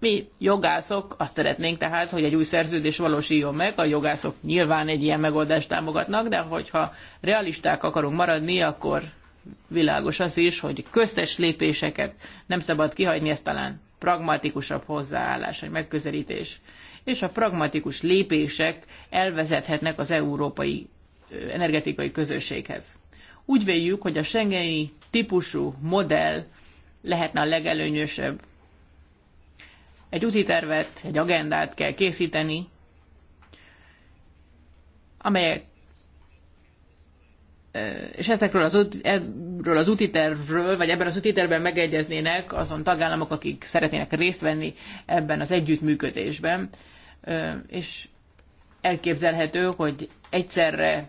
Mi jogászok azt szeretnénk tehát, hogy egy új szerződés valósuljon meg, a jogászok nyilván egy ilyen megoldást támogatnak, de hogyha realisták akarunk maradni, akkor világos az is, hogy köztes lépéseket nem szabad kihagyni, ez talán pragmatikusabb hozzáállás, vagy megközelítés. És a pragmatikus lépések elvezethetnek az európai energetikai közösséghez. Úgy véljük, hogy a Schengeni típusú modell lehetne a legelőnyösebb. Egy úti tervet, egy agendát kell készíteni, amelyek és ezekről az, út, erről az útitervről, vagy ebben az útitervben megegyeznének azon tagállamok, akik szeretnének részt venni ebben az együttműködésben, és elképzelhető, hogy egyszerre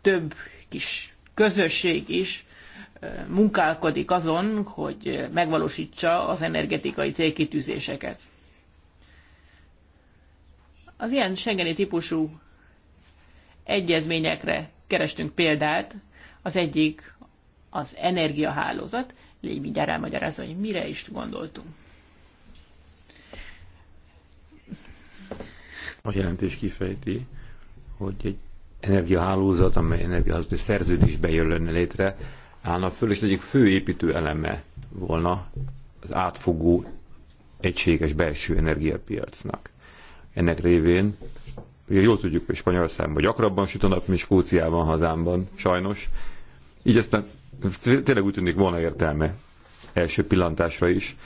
több kis közösség is munkálkodik azon, hogy megvalósítsa az energetikai célkitűzéseket. Az ilyen sengeni típusú egyezményekre kerestünk példát, az egyik az energiahálózat, légy mindjárt elmagyarázza, hogy mire is gondoltunk. A jelentés kifejti, hogy egy energiahálózat, amely energiahálózat, egy szerződés jön létre, állna föl, és egyik fő építő eleme volna az átfogó egységes belső energiapiacnak. Ennek révén Ugye jól tudjuk, hogy Spanyolországban gyakrabban süt a nap, mint Skóciában, hazámban, sajnos. Így aztán tényleg úgy tűnik volna értelme első pillantásra is.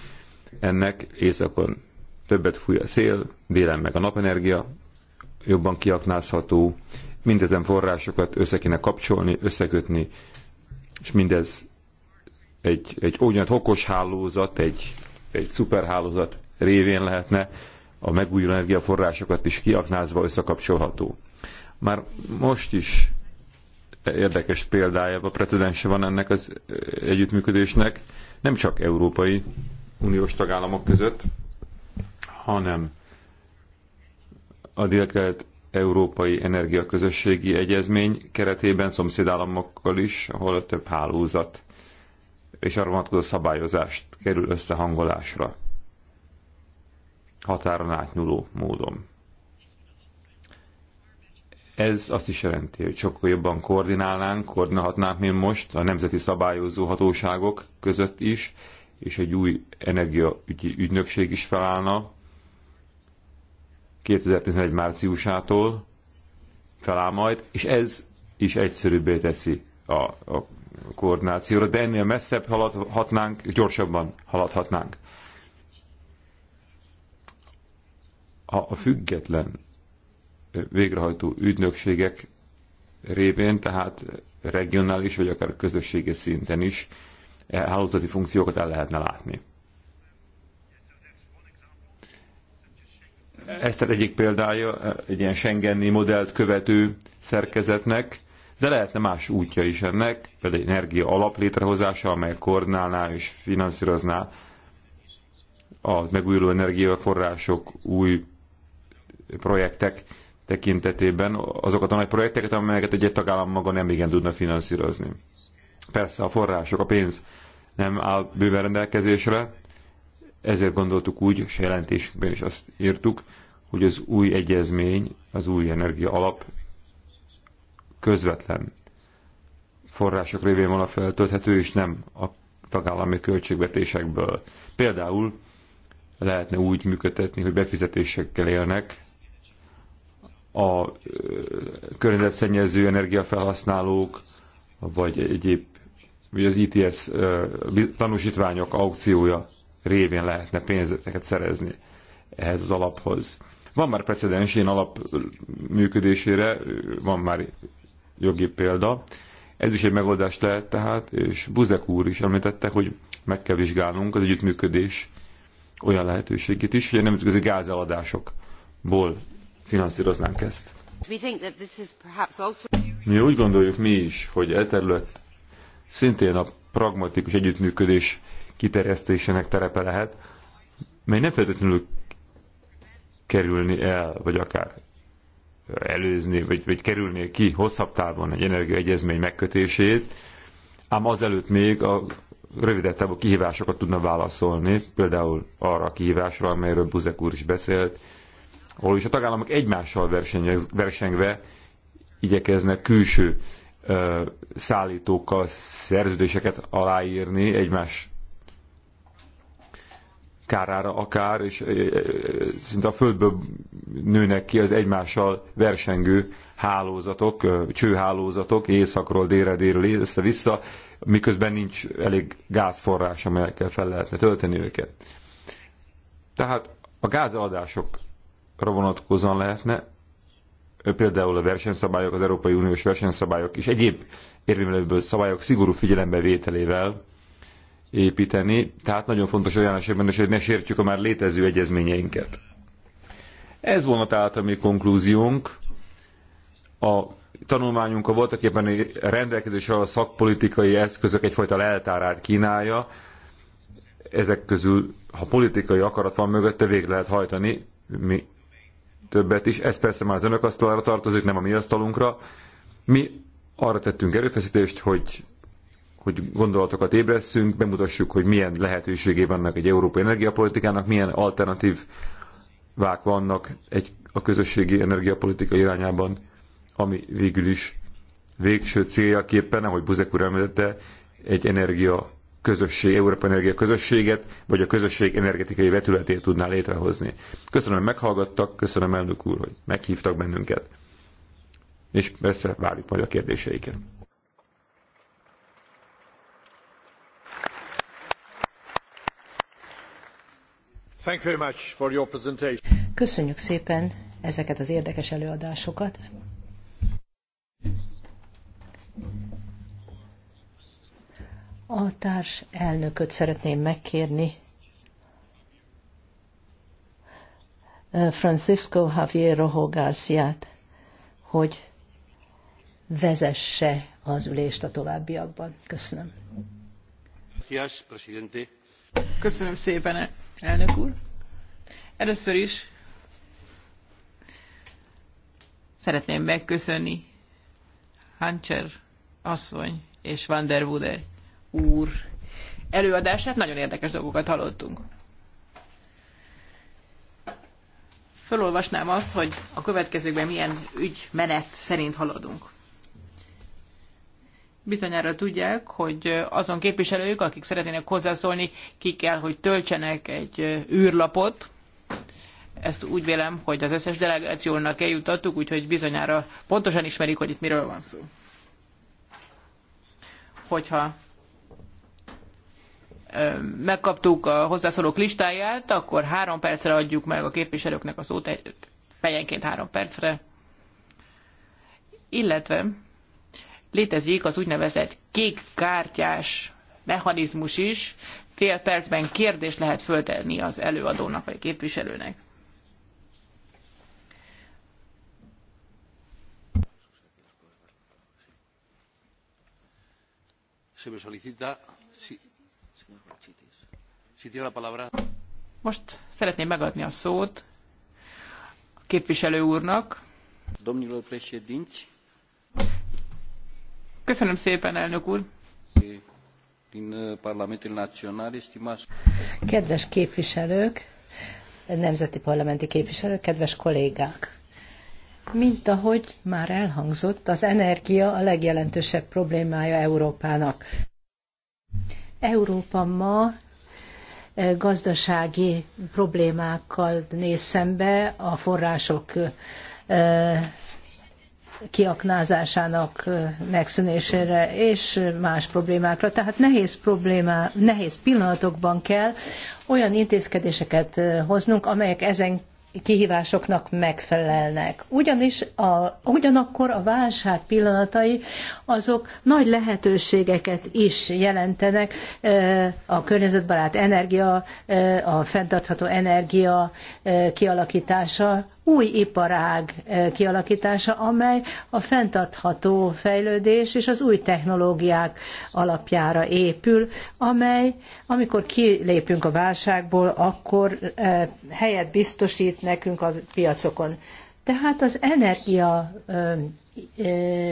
Ennek északon többet fúj a szél, délen meg a napenergia, jobban kiaknázható, mindezen forrásokat össze kéne kapcsolni, összekötni, és mindez egy, egy olyan hokos hálózat, egy, egy szuperhálózat révén lehetne a megújuló energiaforrásokat is kiaknázva összekapcsolható. Már most is érdekes példája, a precedense van ennek az együttműködésnek, nem csak Európai Uniós tagállamok között, hanem a délkelet Európai Energiaközösségi Egyezmény keretében szomszédállamokkal is, ahol a több hálózat és arra vonatkozó szabályozást kerül összehangolásra határon átnyúló módon. Ez azt is jelenti, hogy sokkal jobban koordinálnánk, koordinálhatnánk, mint most a nemzeti szabályozó hatóságok között is, és egy új energiaügyi ügynökség is felállna 2011 márciusától, feláll majd, és ez is egyszerűbbé teszi a, a koordinációra, de ennél messzebb haladhatnánk, gyorsabban haladhatnánk. a független végrehajtó ügynökségek révén, tehát regionális vagy akár közösségi szinten is e, hálózati funkciókat el lehetne látni. Ez tehát egyik példája egy ilyen Schengeni modellt követő szerkezetnek, de lehetne más útja is ennek, például egy energia alap létrehozása, amely koordinálná és finanszírozná az megújuló energiaforrások új projektek tekintetében, azokat a nagy projekteket, amelyeket egy tagállam maga nem igen tudna finanszírozni. Persze a források, a pénz nem áll bőven rendelkezésre, ezért gondoltuk úgy, és jelentésben is azt írtuk, hogy az új egyezmény, az új energia alap közvetlen források révén van a feltölthető, és nem a tagállami költségvetésekből. Például lehetne úgy működtetni, hogy befizetésekkel élnek a környezetszennyező energiafelhasználók, vagy egyéb, vagy az ITS tanúsítványok aukciója révén lehetne pénzeteket szerezni ehhez az alaphoz. Van már precedens én alap működésére, van már jogi példa. Ez is egy megoldás lehet tehát, és Buzek úr is említette, hogy meg kell vizsgálnunk az együttműködés olyan lehetőségét is, hogy a nemzetközi gázeladásokból finanszíroznánk ezt. Mi úgy gondoljuk mi is, hogy elterület szintén a pragmatikus együttműködés kiterjesztésének terepe lehet, mely nem feltétlenül kerülni el, vagy akár előzni, vagy, vagy kerülni ki hosszabb távon egy energiaegyezmény megkötését, ám azelőtt még a rövidebb kihívásokat tudna válaszolni, például arra a kihívásra, amelyről Buzek úr is beszélt, ahol is a tagállamok egymással versengve igyekeznek külső ö, szállítókkal szerződéseket aláírni egymás kárára akár, és szinte a földből nőnek ki az egymással versengő hálózatok, csőhálózatok, északról délre, délről össze-vissza, miközben nincs elég gázforrás, amelyekkel fel lehetne tölteni őket. Tehát a gázadások vonatkozóan lehetne, például a versenyszabályok, az Európai Uniós versenyszabályok és egyéb érvényelőből szabályok szigorú figyelembevételével építeni, tehát nagyon fontos olyan esetben is, hogy ne sértsük a már létező egyezményeinket. Ez volna tehát a mi konklúziónk. A tanulmányunk a voltak éppen rendelkezésre a szakpolitikai eszközök egyfajta leltárát kínálja. Ezek közül, ha politikai akarat van mögötte, végre lehet hajtani mi többet is. Ez persze már az önök asztalára tartozik, nem a mi asztalunkra. Mi arra tettünk erőfeszítést, hogy, hogy gondolatokat ébresszünk, bemutassuk, hogy milyen lehetőségé vannak egy európai energiapolitikának, milyen alternatív vák vannak egy, a közösségi energiapolitika irányában, ami végül is végső céljaképpen, ahogy Buzek úr említette, egy energia közösség, Európa Energia közösséget, vagy a közösség energetikai vetületét tudná létrehozni. Köszönöm, hogy meghallgattak, köszönöm elnök úr, hogy meghívtak bennünket. És persze várjuk majd a kérdéseiket. Köszönjük szépen ezeket az érdekes előadásokat. A társ elnököt szeretném megkérni, Francisco Javier Garciát, hogy vezesse az ülést a továbbiakban. Köszönöm. Köszönöm szépen, elnök úr. Először is szeretném megköszönni Hancher asszony és Van der Wude úr előadását, nagyon érdekes dolgokat hallottunk. Fölolvasnám azt, hogy a következőkben milyen ügymenet szerint haladunk. Bizonyára tudják, hogy azon képviselők, akik szeretnének hozzászólni, ki kell, hogy töltsenek egy űrlapot. Ezt úgy vélem, hogy az összes delegációnak eljutattuk, úgyhogy bizonyára pontosan ismerik, hogy itt miről van szó. Hogyha megkaptuk a hozzászólók listáját, akkor három percre adjuk meg a képviselőknek a szót, fejenként három percre. Illetve létezik az úgynevezett kék kártyás mechanizmus is, fél percben kérdést lehet föltenni az előadónak vagy képviselőnek. Se me solicita, sí. Most szeretném megadni a szót a képviselő úrnak. Köszönöm szépen, elnök úr. Uh, kedves képviselők, nemzeti parlamenti képviselők, kedves kollégák! Mint ahogy már elhangzott, az energia a legjelentősebb problémája Európának. Európa ma gazdasági problémákkal néz szembe a források kiaknázásának megszűnésére és más problémákra. Tehát nehéz, problémá, nehéz pillanatokban kell olyan intézkedéseket hoznunk, amelyek ezen kihívásoknak megfelelnek. Ugyanis a, ugyanakkor a válság pillanatai azok nagy lehetőségeket is jelentenek e, a környezetbarát energia, e, a fenntartható energia e, kialakítása új iparág e, kialakítása, amely a fenntartható fejlődés és az új technológiák alapjára épül, amely, amikor kilépünk a válságból, akkor e, helyet biztosít nekünk a piacokon. Tehát az energia e,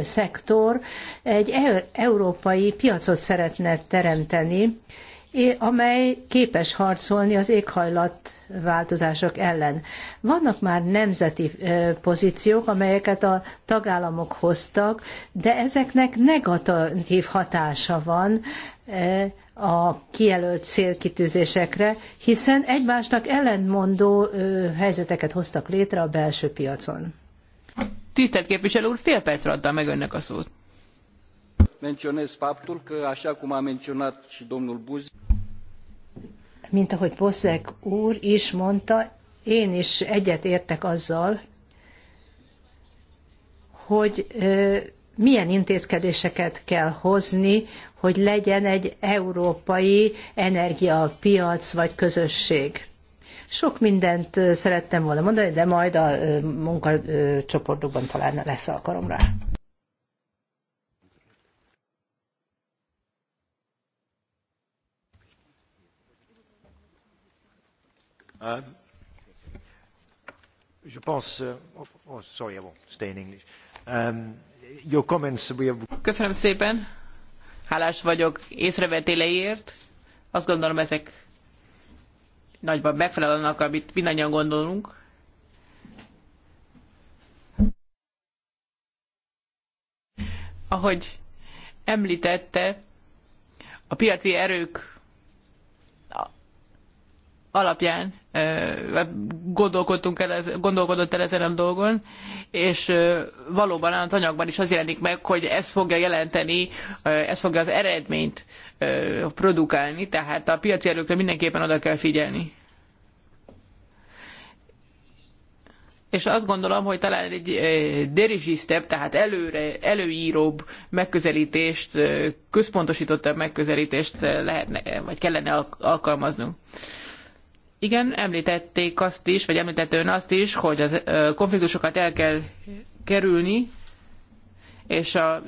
szektor egy európai piacot szeretne teremteni, amely képes harcolni az éghajlatváltozások ellen. Vannak már nemzeti pozíciók, amelyeket a tagállamok hoztak, de ezeknek negatív hatása van a kijelölt célkitűzésekre, hiszen egymásnak ellentmondó helyzeteket hoztak létre a belső piacon. Tisztelt képviselő úr, fél percre adtam meg önnek a szót menționez faptul că, așa cum a menționat și domnul Buzi, mint ahogy Boszek úr is mondta, én is egyet értek azzal, hogy milyen intézkedéseket kell hozni, hogy legyen egy európai energiapiac vagy közösség. Sok mindent szerettem volna mondani, de majd a munkacsoportokban talán lesz alkalom rá. Köszönöm szépen. Hálás vagyok észrevételeiért Azt gondolom, ezek nagyban megfelelnek annak, amit mindannyian gondolunk. Ahogy említette, a piaci erők alapján gondolkodtunk el, gondolkodott el ezen a dolgon, és valóban az anyagban is az jelenik meg, hogy ez fogja jelenteni, ez fogja az eredményt produkálni, tehát a piaci erőkre mindenképpen oda kell figyelni. És azt gondolom, hogy talán egy derizsisztebb, tehát előre, előíróbb megközelítést, központosítottabb megközelítést lehetne, vagy kellene alkalmaznunk. Igen, említették azt is, vagy említett ön azt is, hogy az konfliktusokat el kell kerülni, és a,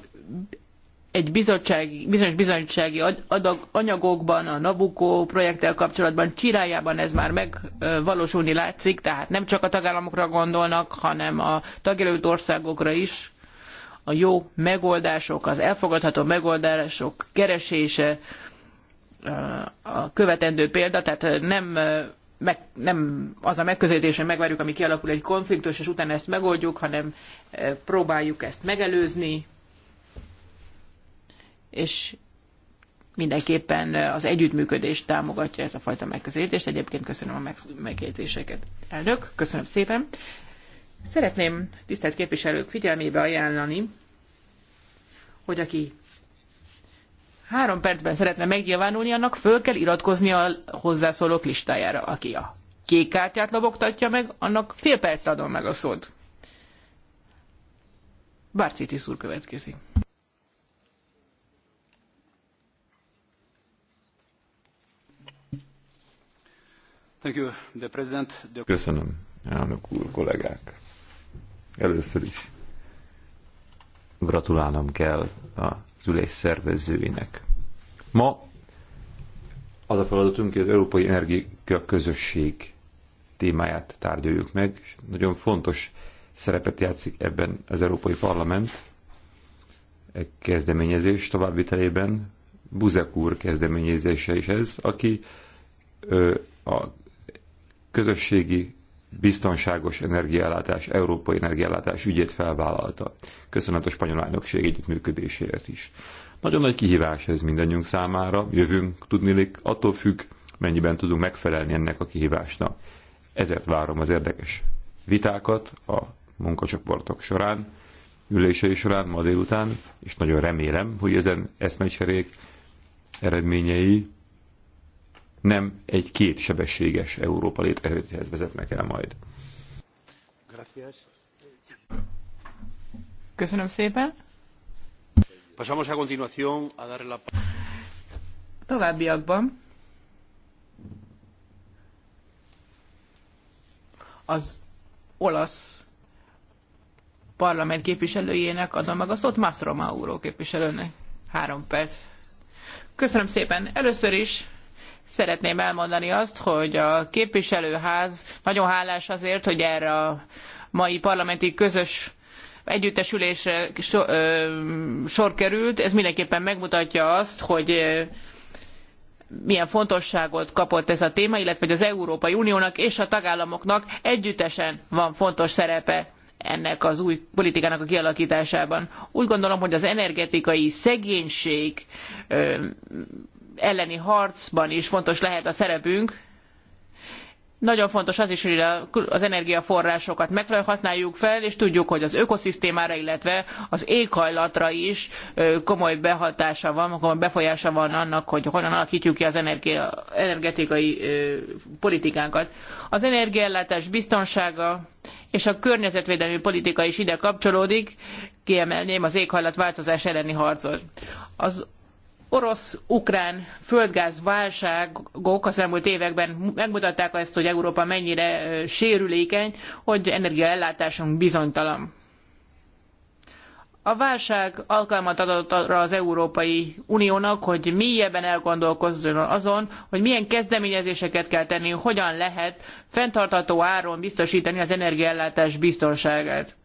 egy bizottsági, bizonyos bizottsági adag, anyagokban, a Nabucco projekttel kapcsolatban, Csirájában ez már megvalósulni látszik, tehát nem csak a tagállamokra gondolnak, hanem a tagjelölt országokra is. A jó megoldások, az elfogadható megoldások keresése, a követendő példa, tehát nem meg, nem az a megközelítés, hogy megvárjuk, ami kialakul egy konfliktus, és utána ezt megoldjuk, hanem e, próbáljuk ezt megelőzni, és mindenképpen e, az együttműködést támogatja ez a fajta megközelítést. Egyébként köszönöm a megjegyzéseket. Elnök, köszönöm szépen. Szeretném tisztelt képviselők figyelmébe ajánlani, hogy aki három percben szeretne megnyilvánulni, annak föl kell iratkozni a hozzászólók listájára. Aki a kék kártyát lobogtatja meg, annak fél perc adom meg a szót. Bárci Tiszúr következik. Köszönöm, elnök úr, kollégák. Először is gratulálnom kell a az ülés szervezőinek. Ma az a feladatunk, hogy az Európai Energia Közösség témáját tárgyaljuk meg, és nagyon fontos szerepet játszik ebben az Európai Parlament kezdeményezés továbbvitelében. Buzek úr kezdeményezése is ez, aki a közösségi biztonságos energiállátás, európai energiállátás ügyét felvállalta. Köszönet a spanyol elnökség együttműködéséért is. Nagyon nagy kihívás ez mindannyiunk számára, jövünk, tudnilik, attól függ, mennyiben tudunk megfelelni ennek a kihívásnak. Ezért várom az érdekes vitákat a munkacsoportok során, ülései során, ma délután, és nagyon remélem, hogy ezen eszmecserék eredményei nem egy kétsebességes Európa létrehőzéhez vezetnek el majd. Köszönöm szépen. Pasamos a continuación a darle la... Továbbiakban az olasz parlament képviselőjének adom meg a szót, Mastro Mauro képviselőnek. Három perc. Köszönöm szépen. Először is Szeretném elmondani azt, hogy a képviselőház nagyon hálás azért, hogy erre a mai parlamenti közös együttesülésre sor került. Ez mindenképpen megmutatja azt, hogy milyen fontosságot kapott ez a téma, illetve hogy az Európai Uniónak és a tagállamoknak együttesen van fontos szerepe ennek az új politikának a kialakításában. Úgy gondolom, hogy az energetikai szegénység elleni harcban is fontos lehet a szerepünk. Nagyon fontos az is, hogy az energiaforrásokat megfelelően használjuk fel, és tudjuk, hogy az ökoszisztémára, illetve az éghajlatra is komoly behatása van, komoly befolyása van annak, hogy hogyan alakítjuk ki az energia, energetikai politikánkat. Az energiaellátás biztonsága és a környezetvédelmi politika is ide kapcsolódik, kiemelném az éghajlatváltozás elleni harcot. Az orosz-ukrán földgáz válságok az elmúlt években megmutatták ezt, hogy Európa mennyire sérülékeny, hogy energiaellátásunk bizonytalan. A válság alkalmat adott arra az Európai Uniónak, hogy mélyebben elgondolkozzon azon, hogy milyen kezdeményezéseket kell tenni, hogyan lehet fenntartható áron biztosítani az energiaellátás biztonságát.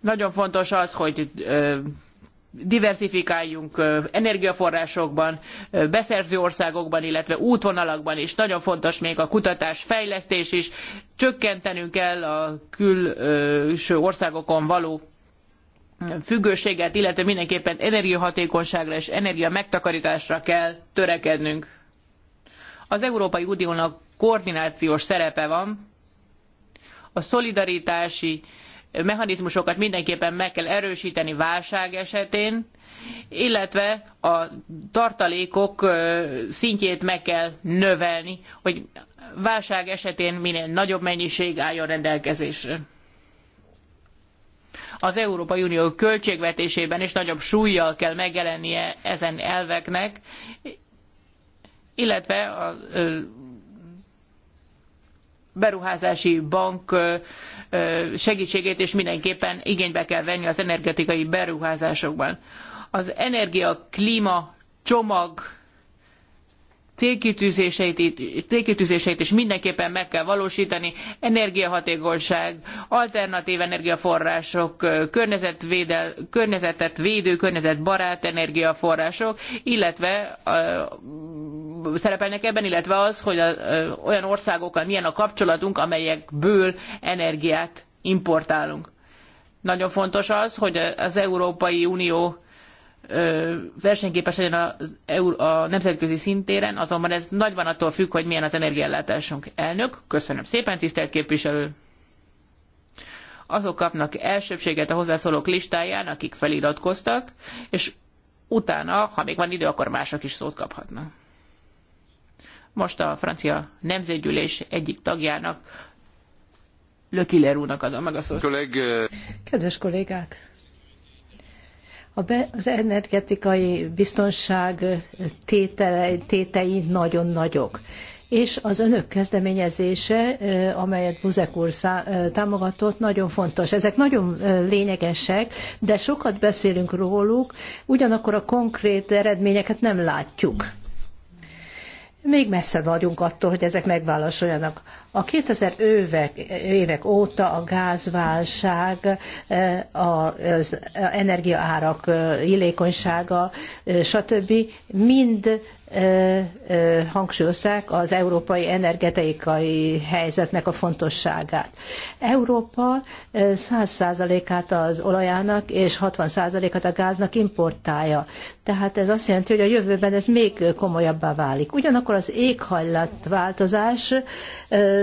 Nagyon fontos az, hogy diversifikáljunk energiaforrásokban, beszerző országokban, illetve útvonalakban is. Nagyon fontos még a kutatás, fejlesztés is. Csökkentenünk kell a külső országokon való függőséget, illetve mindenképpen energiahatékonyságra és energia megtakarításra kell törekednünk. Az Európai Uniónak koordinációs szerepe van, a szolidaritási mechanizmusokat mindenképpen meg kell erősíteni válság esetén, illetve a tartalékok szintjét meg kell növelni, hogy válság esetén minél nagyobb mennyiség álljon rendelkezésre. Az Európai Unió költségvetésében is nagyobb súlyjal kell megjelennie ezen elveknek, illetve a beruházási bank segítségét és mindenképpen igénybe kell venni az energetikai beruházásokban. Az energia-klíma csomag célkitűzéseit, is mindenképpen meg kell valósítani, energiahatékonyság, alternatív energiaforrások, környezetvédel, környezetet védő, környezetbarát energiaforrások, illetve szerepelnek ebben, illetve az, hogy a, olyan országokkal milyen a kapcsolatunk, amelyekből energiát importálunk. Nagyon fontos az, hogy az Európai Unió versenyképes legyen a nemzetközi szintéren, azonban ez nagyban attól függ, hogy milyen az energiállátásunk. Elnök, köszönöm szépen, tisztelt képviselő! Azok kapnak elsőbséget a hozzászólók listáján, akik feliratkoztak, és utána, ha még van idő, akkor mások is szót kaphatnak. Most a francia nemzetgyűlés egyik tagjának, Killer úrnak adom meg a szót. Kedves kollégák! Az energetikai biztonság tétele, tétei nagyon nagyok. És az önök kezdeményezése, amelyet Buzek úr támogatott, nagyon fontos. Ezek nagyon lényegesek, de sokat beszélünk róluk, ugyanakkor a konkrét eredményeket nem látjuk még messze vagyunk attól, hogy ezek megválaszoljanak. A 2000 évek, évek óta a gázválság, e, az energiaárak e, illékonysága, e, stb. mind hangsúlyozták az európai energetikai helyzetnek a fontosságát. Európa 100%-át az olajának és 60%-át a gáznak importálja. Tehát ez azt jelenti, hogy a jövőben ez még komolyabbá válik. Ugyanakkor az éghajlatváltozás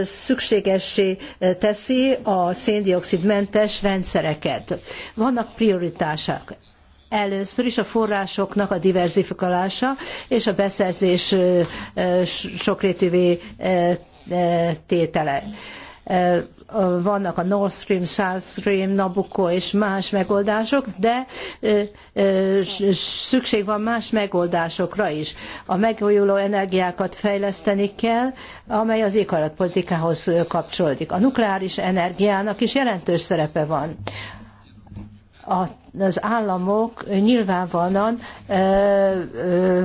szükségessé eh, teszi a széndiokszidmentes rendszereket. Vannak prioritások. Először is a forrásoknak a diverzifikálása és a beszerzés eh, eh, sokrétűvé tétele vannak a Nord Stream, South Stream, Nabucco és más megoldások, de szükség van más megoldásokra is. A megújuló energiákat fejleszteni kell, amely az éghajlatpolitikához kapcsolódik. A nukleáris energiának is jelentős szerepe van. A az államok nyilvánvalóan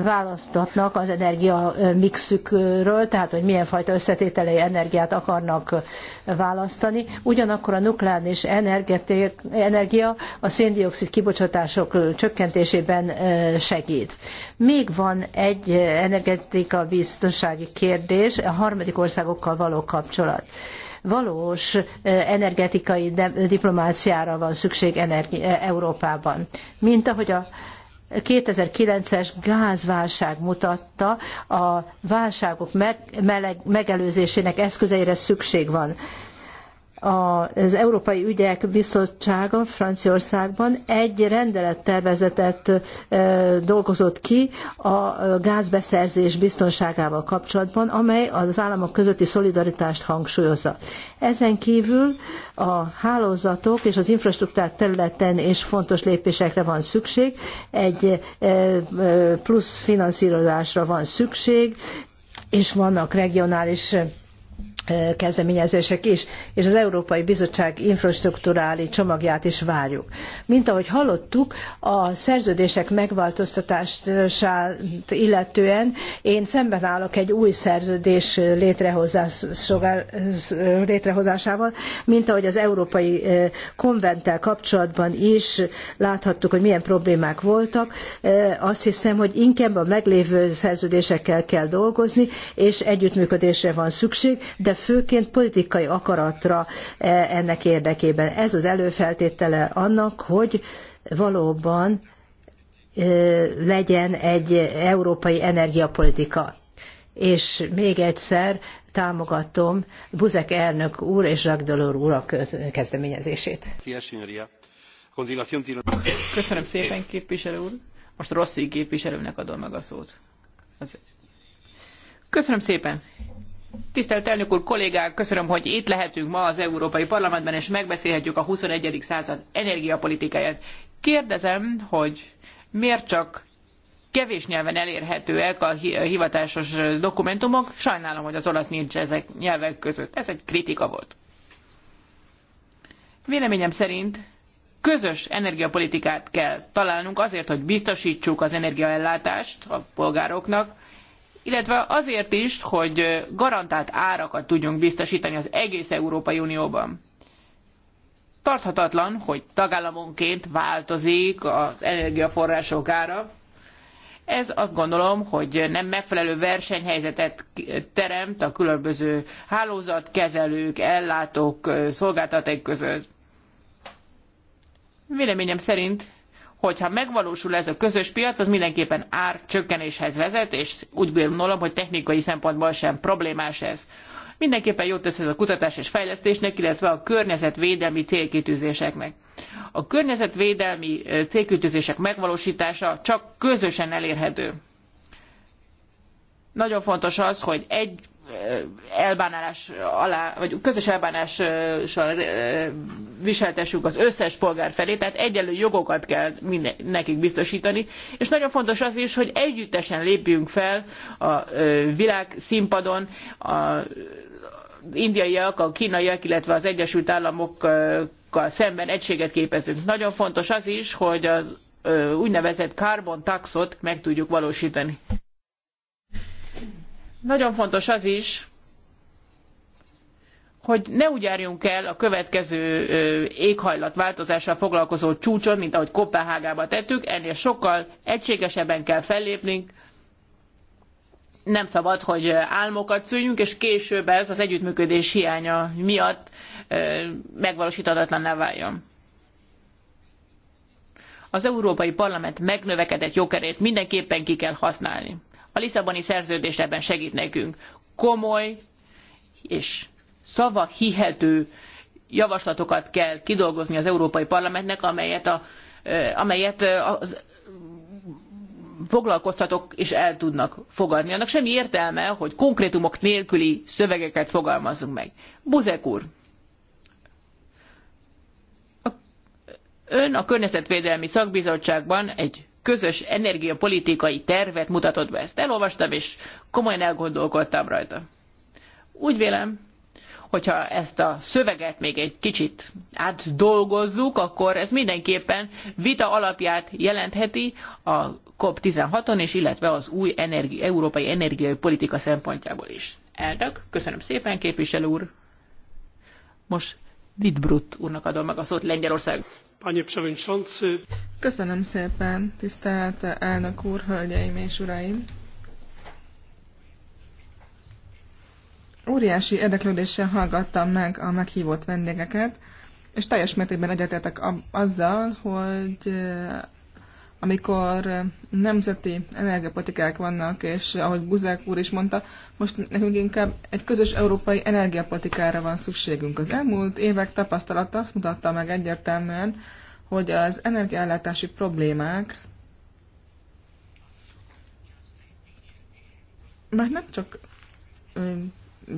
választatnak az energia mixükről, tehát hogy milyen fajta összetételei energiát akarnak választani. Ugyanakkor a nukleáris energia a széndiokszid kibocsátások csökkentésében segít. Még van egy energetika biztonsági kérdés, a harmadik országokkal való kapcsolat valós energetikai diplomáciára van szükség Európában. Mint ahogy a 2009-es gázválság mutatta, a válságok megelőzésének eszközeire szükség van az Európai Ügyek Bizottsága Franciaországban egy rendelettervezetet dolgozott ki a gázbeszerzés biztonságával kapcsolatban, amely az államok közötti szolidaritást hangsúlyozza. Ezen kívül a hálózatok és az infrastruktúrák területen is fontos lépésekre van szükség, egy plusz finanszírozásra van szükség, és vannak regionális kezdeményezések is, és az Európai Bizottság infrastruktúrális csomagját is várjuk. Mint ahogy hallottuk, a szerződések megváltoztatását illetően én szemben állok egy új szerződés létrehozásával, mint ahogy az Európai Konventtel kapcsolatban is láthattuk, hogy milyen problémák voltak. Azt hiszem, hogy inkább a meglévő szerződésekkel kell dolgozni, és együttműködésre van szükség, de főként politikai akaratra e, ennek érdekében. Ez az előfeltétele annak, hogy valóban e, legyen egy európai energiapolitika. És még egyszer támogatom Buzek elnök úr és Ragdolor úr a kezdeményezését. Köszönöm szépen, képviselő úr. Most Rossi képviselőnek adom meg a szót. Köszönöm szépen. Tisztelt elnök úr, kollégák, köszönöm, hogy itt lehetünk ma az Európai Parlamentben, és megbeszélhetjük a 21. század energiapolitikáját. Kérdezem, hogy miért csak kevés nyelven elérhetőek a hivatásos dokumentumok. Sajnálom, hogy az olasz nincs ezek nyelvek között. Ez egy kritika volt. Véleményem szerint közös energiapolitikát kell találnunk azért, hogy biztosítsuk az energiaellátást a polgároknak, illetve azért is, hogy garantált árakat tudjunk biztosítani az egész Európai Unióban. Tarthatatlan, hogy tagállamonként változik az energiaforrások ára. Ez azt gondolom, hogy nem megfelelő versenyhelyzetet teremt a különböző hálózatkezelők, ellátók, szolgáltatók között. Véleményem szerint hogyha megvalósul ez a közös piac, az mindenképpen árcsökkenéshez vezet, és úgy gondolom, hogy technikai szempontból sem problémás ez. Mindenképpen jót tesz ez a kutatás és fejlesztésnek, illetve a környezetvédelmi célkitűzéseknek. A környezetvédelmi célkitűzések megvalósítása csak közösen elérhető. Nagyon fontos az, hogy egy elbánás alá, vagy közös elbánással viseltessük az összes polgár felé, tehát egyenlő jogokat kell nekik biztosítani, és nagyon fontos az is, hogy együttesen lépjünk fel a világ színpadon, a indiaiak, a kínaiak, illetve az Egyesült Államokkal szemben egységet képezünk. Nagyon fontos az is, hogy az úgynevezett carbon taxot meg tudjuk valósítani. Nagyon fontos az is, hogy ne úgy járjunk el a következő éghajlatváltozással foglalkozó csúcson, mint ahogy Kopenhágában tettük, ennél sokkal egységesebben kell fellépnünk, nem szabad, hogy álmokat szüljünk, és később ez az együttműködés hiánya miatt megvalósíthatatlanná váljon. Az Európai Parlament megnövekedett jogerét mindenképpen ki kell használni. A Lisszaboni szerződés ebben segít nekünk. Komoly és szavak hihető javaslatokat kell kidolgozni az Európai Parlamentnek, amelyet, a, amelyet az foglalkoztatók is el tudnak fogadni. Annak semmi értelme, hogy konkrétumok nélküli szövegeket fogalmazzunk meg. Buzek úr, ön a Környezetvédelmi Szakbizottságban egy közös energiapolitikai tervet mutatott be. Ezt elolvastam, és komolyan elgondolkodtam rajta. Úgy vélem, hogyha ezt a szöveget még egy kicsit átdolgozzuk, akkor ez mindenképpen vita alapját jelentheti a COP16-on, és illetve az új energi- európai energiapolitika szempontjából is. Elnök, köszönöm szépen, képviselő úr. Most Vidbrut úrnak adom meg a szót Lengyelország. Köszönöm szépen, tisztelt elnök úr, hölgyeim és uraim! Óriási érdeklődéssel hallgattam meg a meghívott vendégeket, és teljes mértékben egyetértek azzal, hogy amikor nemzeti energiapolitikák vannak, és ahogy Buzák úr is mondta, most nekünk inkább egy közös európai energiapolitikára van szükségünk. Az elmúlt évek tapasztalata azt mutatta meg egyértelműen, hogy az energiaellátási problémák mert nem csak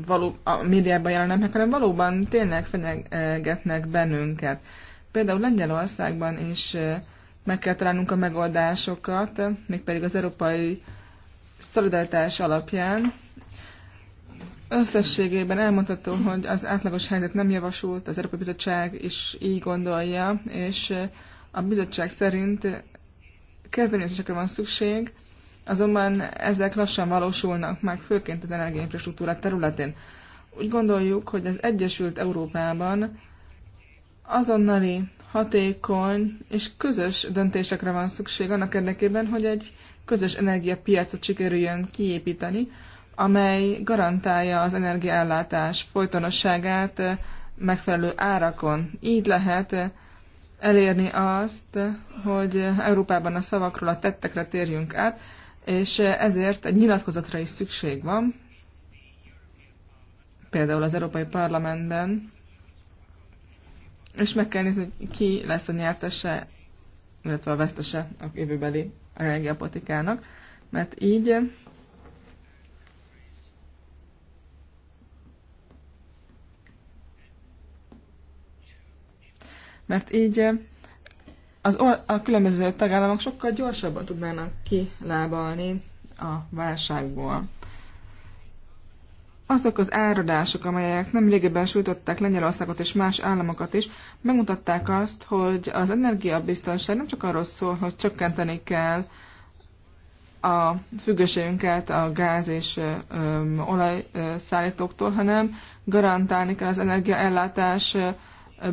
való, a médiában jelennek, hanem valóban tényleg fenyegetnek bennünket. Például Lengyelországban is meg kell találnunk a megoldásokat, mégpedig az európai szolidaritás alapján. Összességében elmondható, hogy az átlagos helyzet nem javasult, az Európai Bizottság is így gondolja, és a bizottság szerint kezdeményezésekre van szükség, azonban ezek lassan valósulnak meg, főként az energiainfrastruktúra területén. Úgy gondoljuk, hogy az Egyesült Európában azonnali hatékony és közös döntésekre van szükség annak érdekében, hogy egy közös energiapiacot sikerüljön kiépíteni, amely garantálja az energiaellátás folytonosságát eh, megfelelő árakon. Így lehet eh, elérni azt, hogy Európában a szavakról a tettekre térjünk át, és eh, ezért egy nyilatkozatra is szükség van, például az Európai Parlamentben, és meg kell nézni, hogy ki lesz a nyertese, illetve a vesztese a jövőbeli energiapolitikának, mert így mert így az a különböző tagállamok sokkal gyorsabban tudnának kilábalni a válságból. Azok az áradások, amelyek nem régebben sújtották Lengyelországot és más államokat is, megmutatták azt, hogy az energiabiztonság nem csak arról szól, hogy csökkenteni kell a függőségünket a gáz és olajszállítóktól, hanem garantálni kell az energiaellátás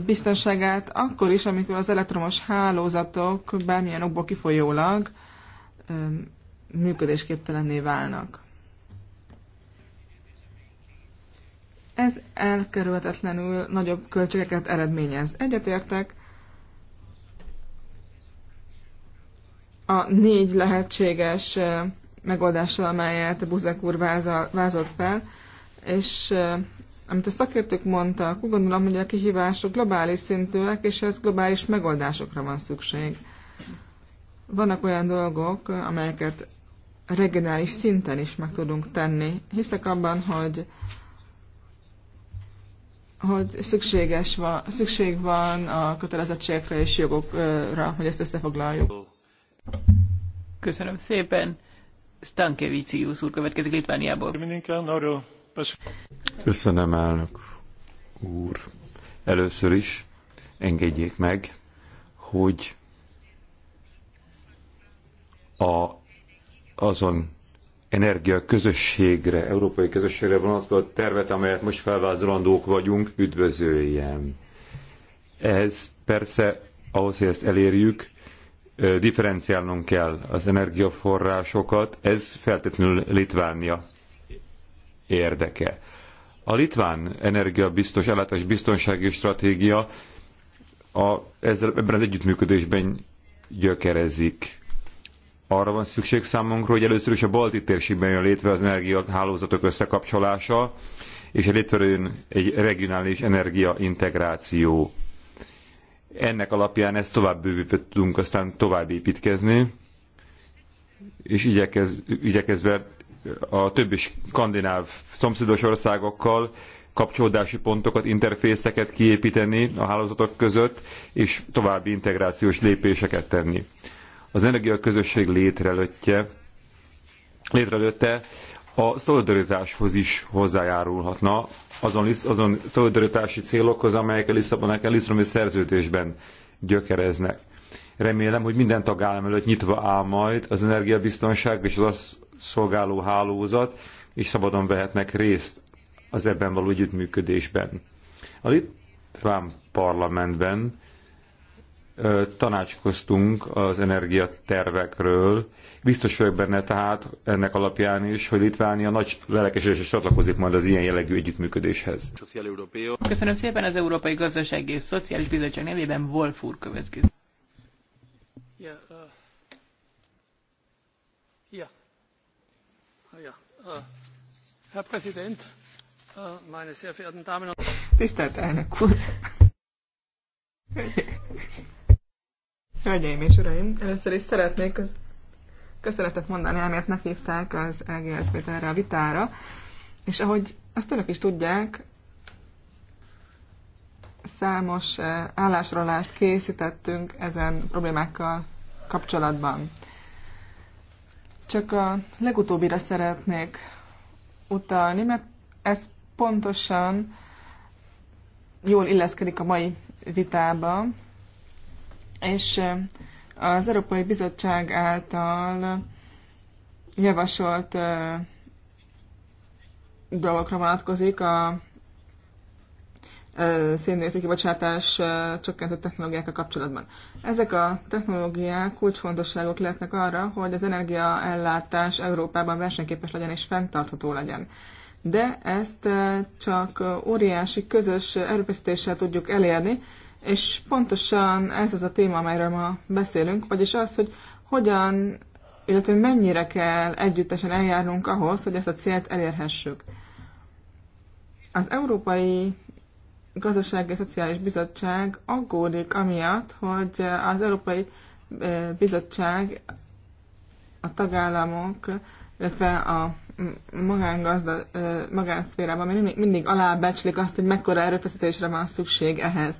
biztonságát akkor is, amikor az elektromos hálózatok bármilyen okból kifolyólag működésképtelenné válnak. Ez elkerülhetetlenül nagyobb költségeket eredményez. Egyetértek a négy lehetséges megoldással, amelyet Buzek úr vázolt fel, és amit a szakértők mondtak, úgy gondolom, hogy a kihívások globális szintűek, és ez globális megoldásokra van szükség. Vannak olyan dolgok, amelyeket regionális szinten is meg tudunk tenni. Hiszek abban, hogy hogy szükséges van, szükség van a kötelezettségekre és jogokra, hogy ezt összefoglaljuk. Köszönöm szépen. Stankevicius úr következik Litvániából. Köszönöm, elnök úr. Először is engedjék meg, hogy a, azon energia közösségre, európai közösségre vonatkozó tervet, amelyet most felvázolandók vagyunk, üdvözöljem. Ez persze ahhoz, hogy ezt elérjük, differenciálnunk kell az energiaforrásokat, ez feltétlenül Litvánia érdeke. A litván energiabiztos, ellátás biztonsági stratégia a, ezzel, ebben az együttműködésben gyökerezik arra van szükség számunkra, hogy először is a balti térségben jön létre az energiahálózatok összekapcsolása, és létrejön egy regionális energiaintegráció. Ennek alapján ezt tovább bővítve tudunk aztán tovább építkezni, és igyekez, igyekezve a többi skandináv szomszédos országokkal kapcsolódási pontokat, interfészeket kiépíteni a hálózatok között, és további integrációs lépéseket tenni az energiaközösség létrelőtte, létrelőtte a szolidaritáshoz is hozzájárulhatna, azon, azon szolidaritási célokhoz, amelyek a Lisszaboni szerződésben gyökereznek. Remélem, hogy minden tagállam előtt nyitva áll majd az energiabiztonság és az azt szolgáló hálózat, és szabadon vehetnek részt az ebben való együttműködésben. A litván parlamentben tanácskoztunk az energiatervekről. Biztos vagyok benne tehát ennek alapján is, hogy Litvánia nagy lelkesedésre csatlakozik majd az ilyen jellegű együttműködéshez. Köszönöm szépen az Európai Gazdasági és Szociális Bizottság nevében Wolf úr következik. Yeah, uh, yeah. Uh, yeah. Uh, Herr Präsident, uh, meine sehr verehrten Damen und Tisztelt elnök úr! Hölgyeim és uraim, először is szeretnék az köszönetet mondani, amiért meghívták az lgsb erre a vitára. És ahogy azt önök is tudják, számos eh, állásrólást készítettünk ezen problémákkal kapcsolatban. Csak a legutóbbira szeretnék utalni, mert ez pontosan jól illeszkedik a mai vitába, és az Európai Bizottság által javasolt dolgokra vonatkozik a széndiokszid kibocsátás csökkentő technológiákkal kapcsolatban. Ezek a technológiák kulcsfontosságok lehetnek arra, hogy az energiaellátás Európában versenyképes legyen és fenntartható legyen. De ezt csak óriási közös erőfeszítéssel tudjuk elérni, és pontosan ez az a téma, amelyről ma beszélünk, vagyis az, hogy hogyan, illetve mennyire kell együttesen eljárnunk ahhoz, hogy ezt a célt elérhessük. Az Európai Gazdasági és Szociális Bizottság aggódik amiatt, hogy az Európai eh, Bizottság a tagállamok, illetve a magángazda, eh, magánszférában mindig, mindig alábecslik azt, hogy mekkora erőfeszítésre van szükség ehhez.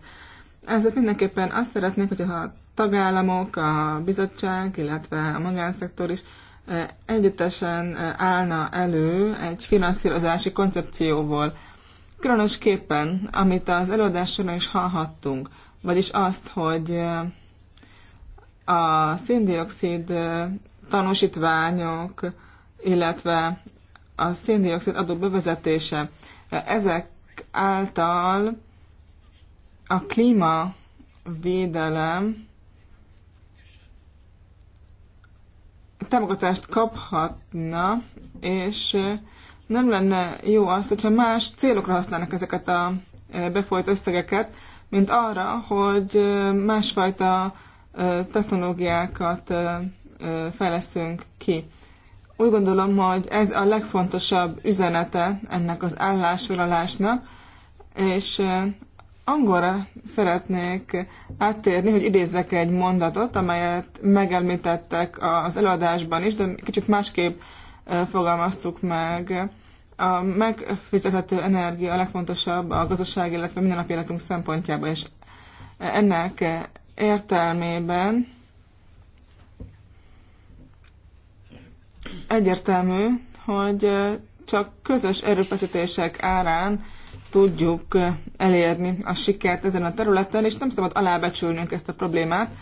Ezért mindenképpen azt szeretnék, hogyha a tagállamok, a bizottság, illetve a magánszektor is e, együttesen e, állna elő egy finanszírozási koncepcióval. Különösképpen, amit az előadás során is hallhattunk, vagyis azt, hogy e, a széndiokszid tanúsítványok, illetve a széndiokszid adó bevezetése, ezek által a védelem, támogatást kaphatna, és nem lenne jó az, hogyha más célokra használnak ezeket a eh, befolyt összegeket, mint arra, hogy eh, másfajta eh, technológiákat fejleszünk ki. Úgy gondolom, hogy ez a legfontosabb üzenete ennek az állásfoglalásnak, és angolra szeretnék áttérni, hogy idézzek egy mondatot, amelyet megelmítettek az előadásban is, de kicsit másképp fogalmaztuk meg. A megfizethető energia a legfontosabb a gazdaság, illetve minden nap életünk szempontjából, és ennek értelmében egyértelmű, hogy csak közös erőfeszítések árán tudjuk eh, elérni a sikert ezen a területen, és nem szabad alábecsülnünk ezt a problémát,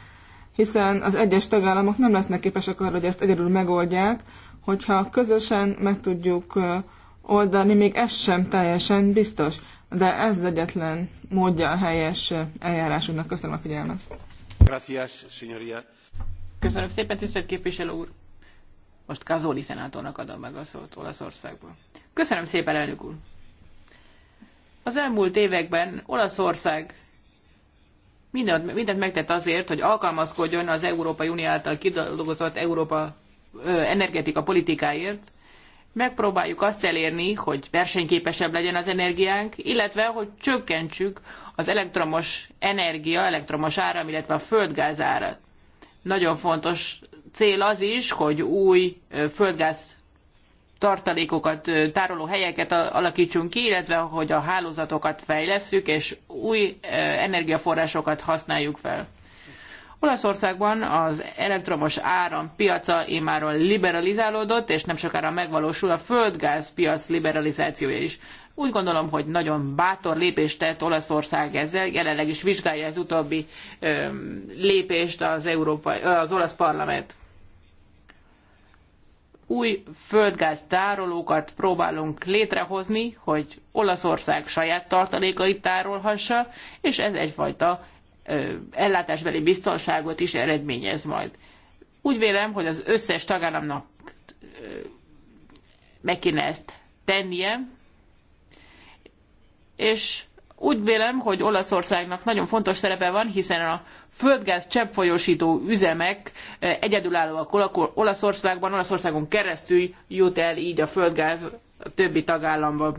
hiszen az egyes tagállamok nem lesznek képesek arra, hogy ezt egyedül megoldják, hogyha közösen meg tudjuk eh, oldani, még ez sem teljesen biztos. De ez az egyetlen módja a helyes eh, eljárásunknak. Köszönöm a figyelmet. Gracias, señoría. Köszönöm szépen, tisztelt képviselő úr. Most Kazoli szenátornak adom meg a szót Olaszországból. Köszönöm szépen, elnök úr. Az elmúlt években Olaszország mindent, mindent megtett azért, hogy alkalmazkodjon az Európai Unió által kidolgozott Európa ö, energetika politikáért. Megpróbáljuk azt elérni, hogy versenyképesebb legyen az energiánk, illetve hogy csökkentsük az elektromos energia, elektromos áram, illetve a földgáz árat. Nagyon fontos cél az is, hogy új földgáz tartalékokat, tároló helyeket alakítsunk ki, illetve hogy a hálózatokat fejlesszük, és új energiaforrásokat használjuk fel. Olaszországban az elektromos áram piaca immáron liberalizálódott, és nem sokára megvalósul a földgáz piac liberalizációja is. Úgy gondolom, hogy nagyon bátor lépést tett Olaszország ezzel, jelenleg is vizsgálja az utóbbi lépést az, európai, az olasz parlament új földgáz tárolókat próbálunk létrehozni, hogy Olaszország saját tartalékait tárolhassa, és ez egyfajta ö, ellátásbeli biztonságot is eredményez majd. Úgy vélem, hogy az összes tagállamnak ö, meg kéne ezt tennie, és úgy vélem, hogy Olaszországnak nagyon fontos szerepe van, hiszen a földgáz cseppfolyósító üzemek eh, egyedülállóak Olaszországban, Olaszországon keresztül jut el így a földgáz a többi tagállamba.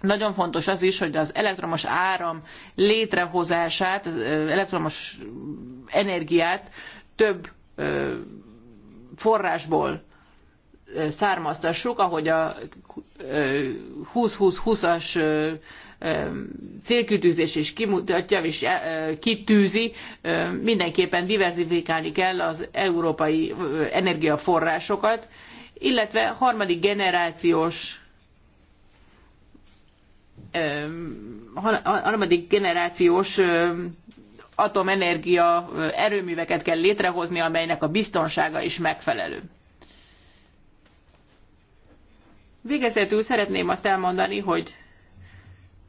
Nagyon fontos az is, hogy az elektromos áram létrehozását, az eh, elektromos energiát több eh, forrásból származtassuk, ahogy a 20-20-20-as célkütőzés is kimutatja és kitűzi, mindenképpen diversifikálni kell az európai energiaforrásokat, illetve harmadik generációs harmadik generációs atomenergia erőműveket kell létrehozni, amelynek a biztonsága is megfelelő. Végezetül szeretném azt elmondani, hogy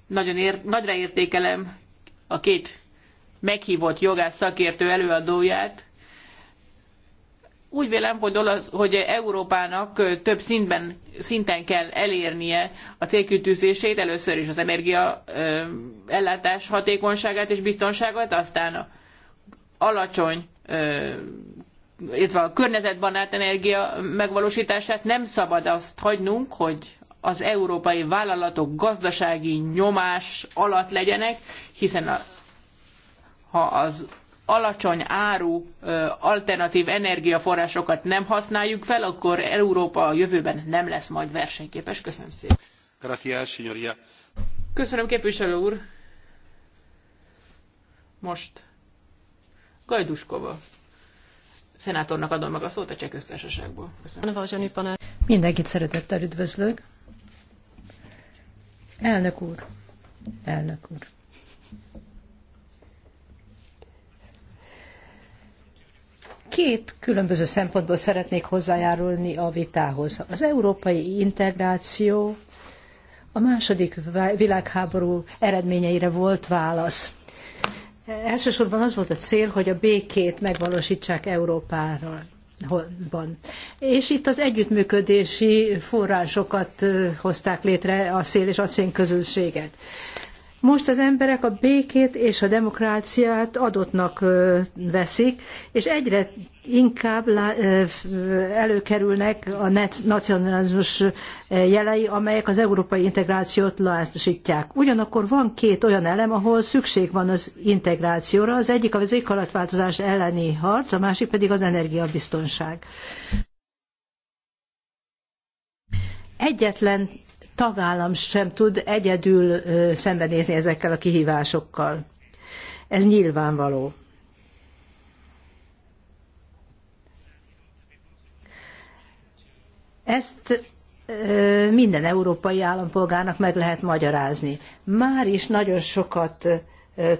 nagyon ér, nagyra értékelem a két meghívott jogász szakértő előadóját. Úgy vélem, hogy, olasz, hogy Európának több szintben, szinten kell elérnie a célkütőzését, először is az energia ö, ellátás hatékonyságát és biztonságát, aztán a alacsony illetve a környezetbarát energia megvalósítását nem szabad azt hagynunk, hogy az európai vállalatok gazdasági nyomás alatt legyenek, hiszen a, ha az alacsony áru alternatív energiaforrásokat nem használjuk fel, akkor Európa a jövőben nem lesz majd versenyképes. Köszönöm szépen. Gracias, señoría. Köszönöm, képviselő úr. Most Gajduskova szenátornak adom meg a szót a cseh köztársaságból. Köszönöm. Mindenkit szeretettel üdvözlök. Elnök úr. Elnök úr. Két különböző szempontból szeretnék hozzájárulni a vitához. Az európai integráció a második világháború eredményeire volt válasz. Elsősorban az volt a cél, hogy a békét megvalósítsák Európáról. Van. És itt az együttműködési forrásokat hozták létre a szél és acén közösséget. Most az emberek a békét és a demokráciát adottnak veszik, és egyre inkább előkerülnek a nacionalizmus jelei, amelyek az európai integrációt lassítják. Ugyanakkor van két olyan elem, ahol szükség van az integrációra. Az egyik az éghajlatváltozás elleni harc, a másik pedig az energiabiztonság. Egyetlen tagállam sem tud egyedül szembenézni ezekkel a kihívásokkal. Ez nyilvánvaló. Ezt minden európai állampolgárnak meg lehet magyarázni. Már is nagyon sokat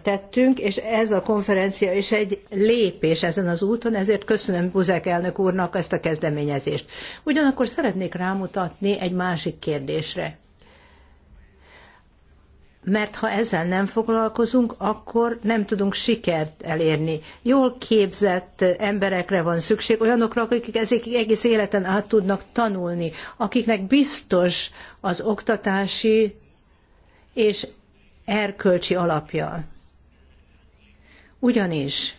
tettünk, és ez a konferencia is egy lépés ezen az úton, ezért köszönöm Buzek elnök úrnak ezt a kezdeményezést. Ugyanakkor szeretnék rámutatni egy másik kérdésre. Mert ha ezzel nem foglalkozunk, akkor nem tudunk sikert elérni. Jól képzett emberekre van szükség, olyanokra, akik ezek egész életen át tudnak tanulni, akiknek biztos az oktatási és erkölcsi alapja. Ugyanis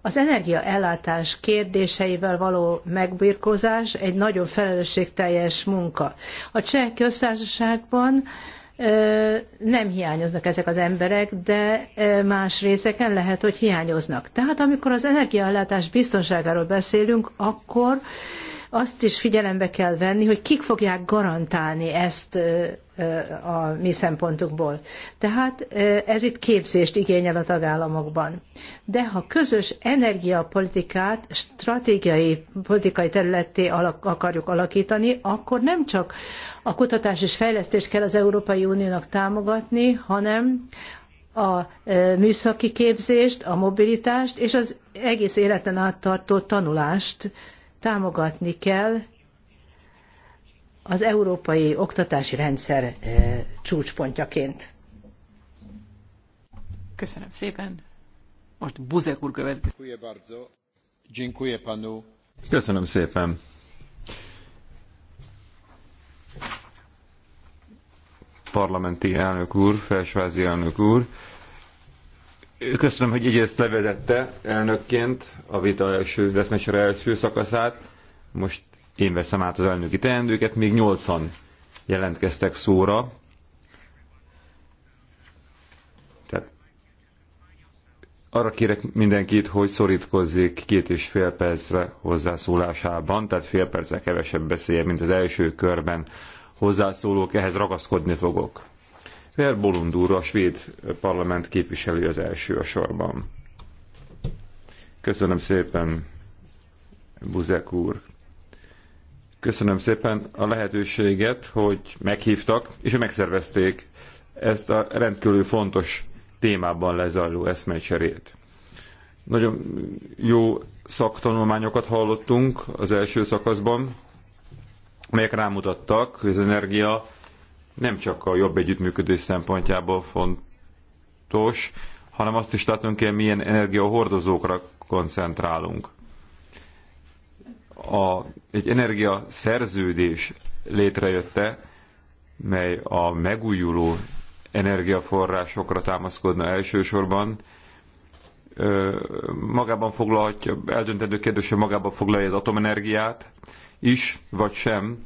az energiaellátás kérdéseivel való megbirkózás egy nagyon felelősségteljes munka. A cseh köztársaságban nem hiányoznak ezek az emberek, de más részeken lehet, hogy hiányoznak. Tehát amikor az energiaellátás biztonságáról beszélünk, akkor azt is figyelembe kell venni, hogy kik fogják garantálni ezt a mi szempontunkból. Tehát ez itt képzést igényel a tagállamokban. De ha közös energiapolitikát stratégiai politikai területté akarjuk alakítani, akkor nem csak a kutatás és fejlesztést kell az Európai Uniónak támogatni, hanem a műszaki képzést, a mobilitást és az egész életen át tartó tanulást támogatni kell az európai oktatási rendszer eh, csúcspontjaként. Köszönöm szépen. Most Buzek úr Köszönöm szépen. Parlamenti elnök úr, felsvázi elnök úr, Köszönöm, hogy ezt levezette elnökként a vita első, leszmesere első szakaszát. Most én veszem át az elnöki teendőket, még nyolcan jelentkeztek szóra. Tehát arra kérek mindenkit, hogy szorítkozzék két és fél percre hozzászólásában, tehát fél perccel kevesebb beszélje, mint az első körben hozzászólók, ehhez ragaszkodni fogok. Per Bolund úr, a svéd parlament képviselő az első a sorban. Köszönöm szépen, Buzek úr. Köszönöm szépen a lehetőséget, hogy meghívtak és megszervezték ezt a rendkívül fontos témában lezajló eszmecserét. Nagyon jó szaktanulmányokat hallottunk az első szakaszban, melyek rámutattak, hogy az energia nem csak a jobb együttműködés szempontjából fontos, hanem azt is látunk kell, milyen energiahordozókra koncentrálunk. A, egy energiaszerződés létrejötte, mely a megújuló energiaforrásokra támaszkodna elsősorban, magában foglalhatja, eldöntendő kérdés, hogy magában foglalja az atomenergiát is, vagy sem,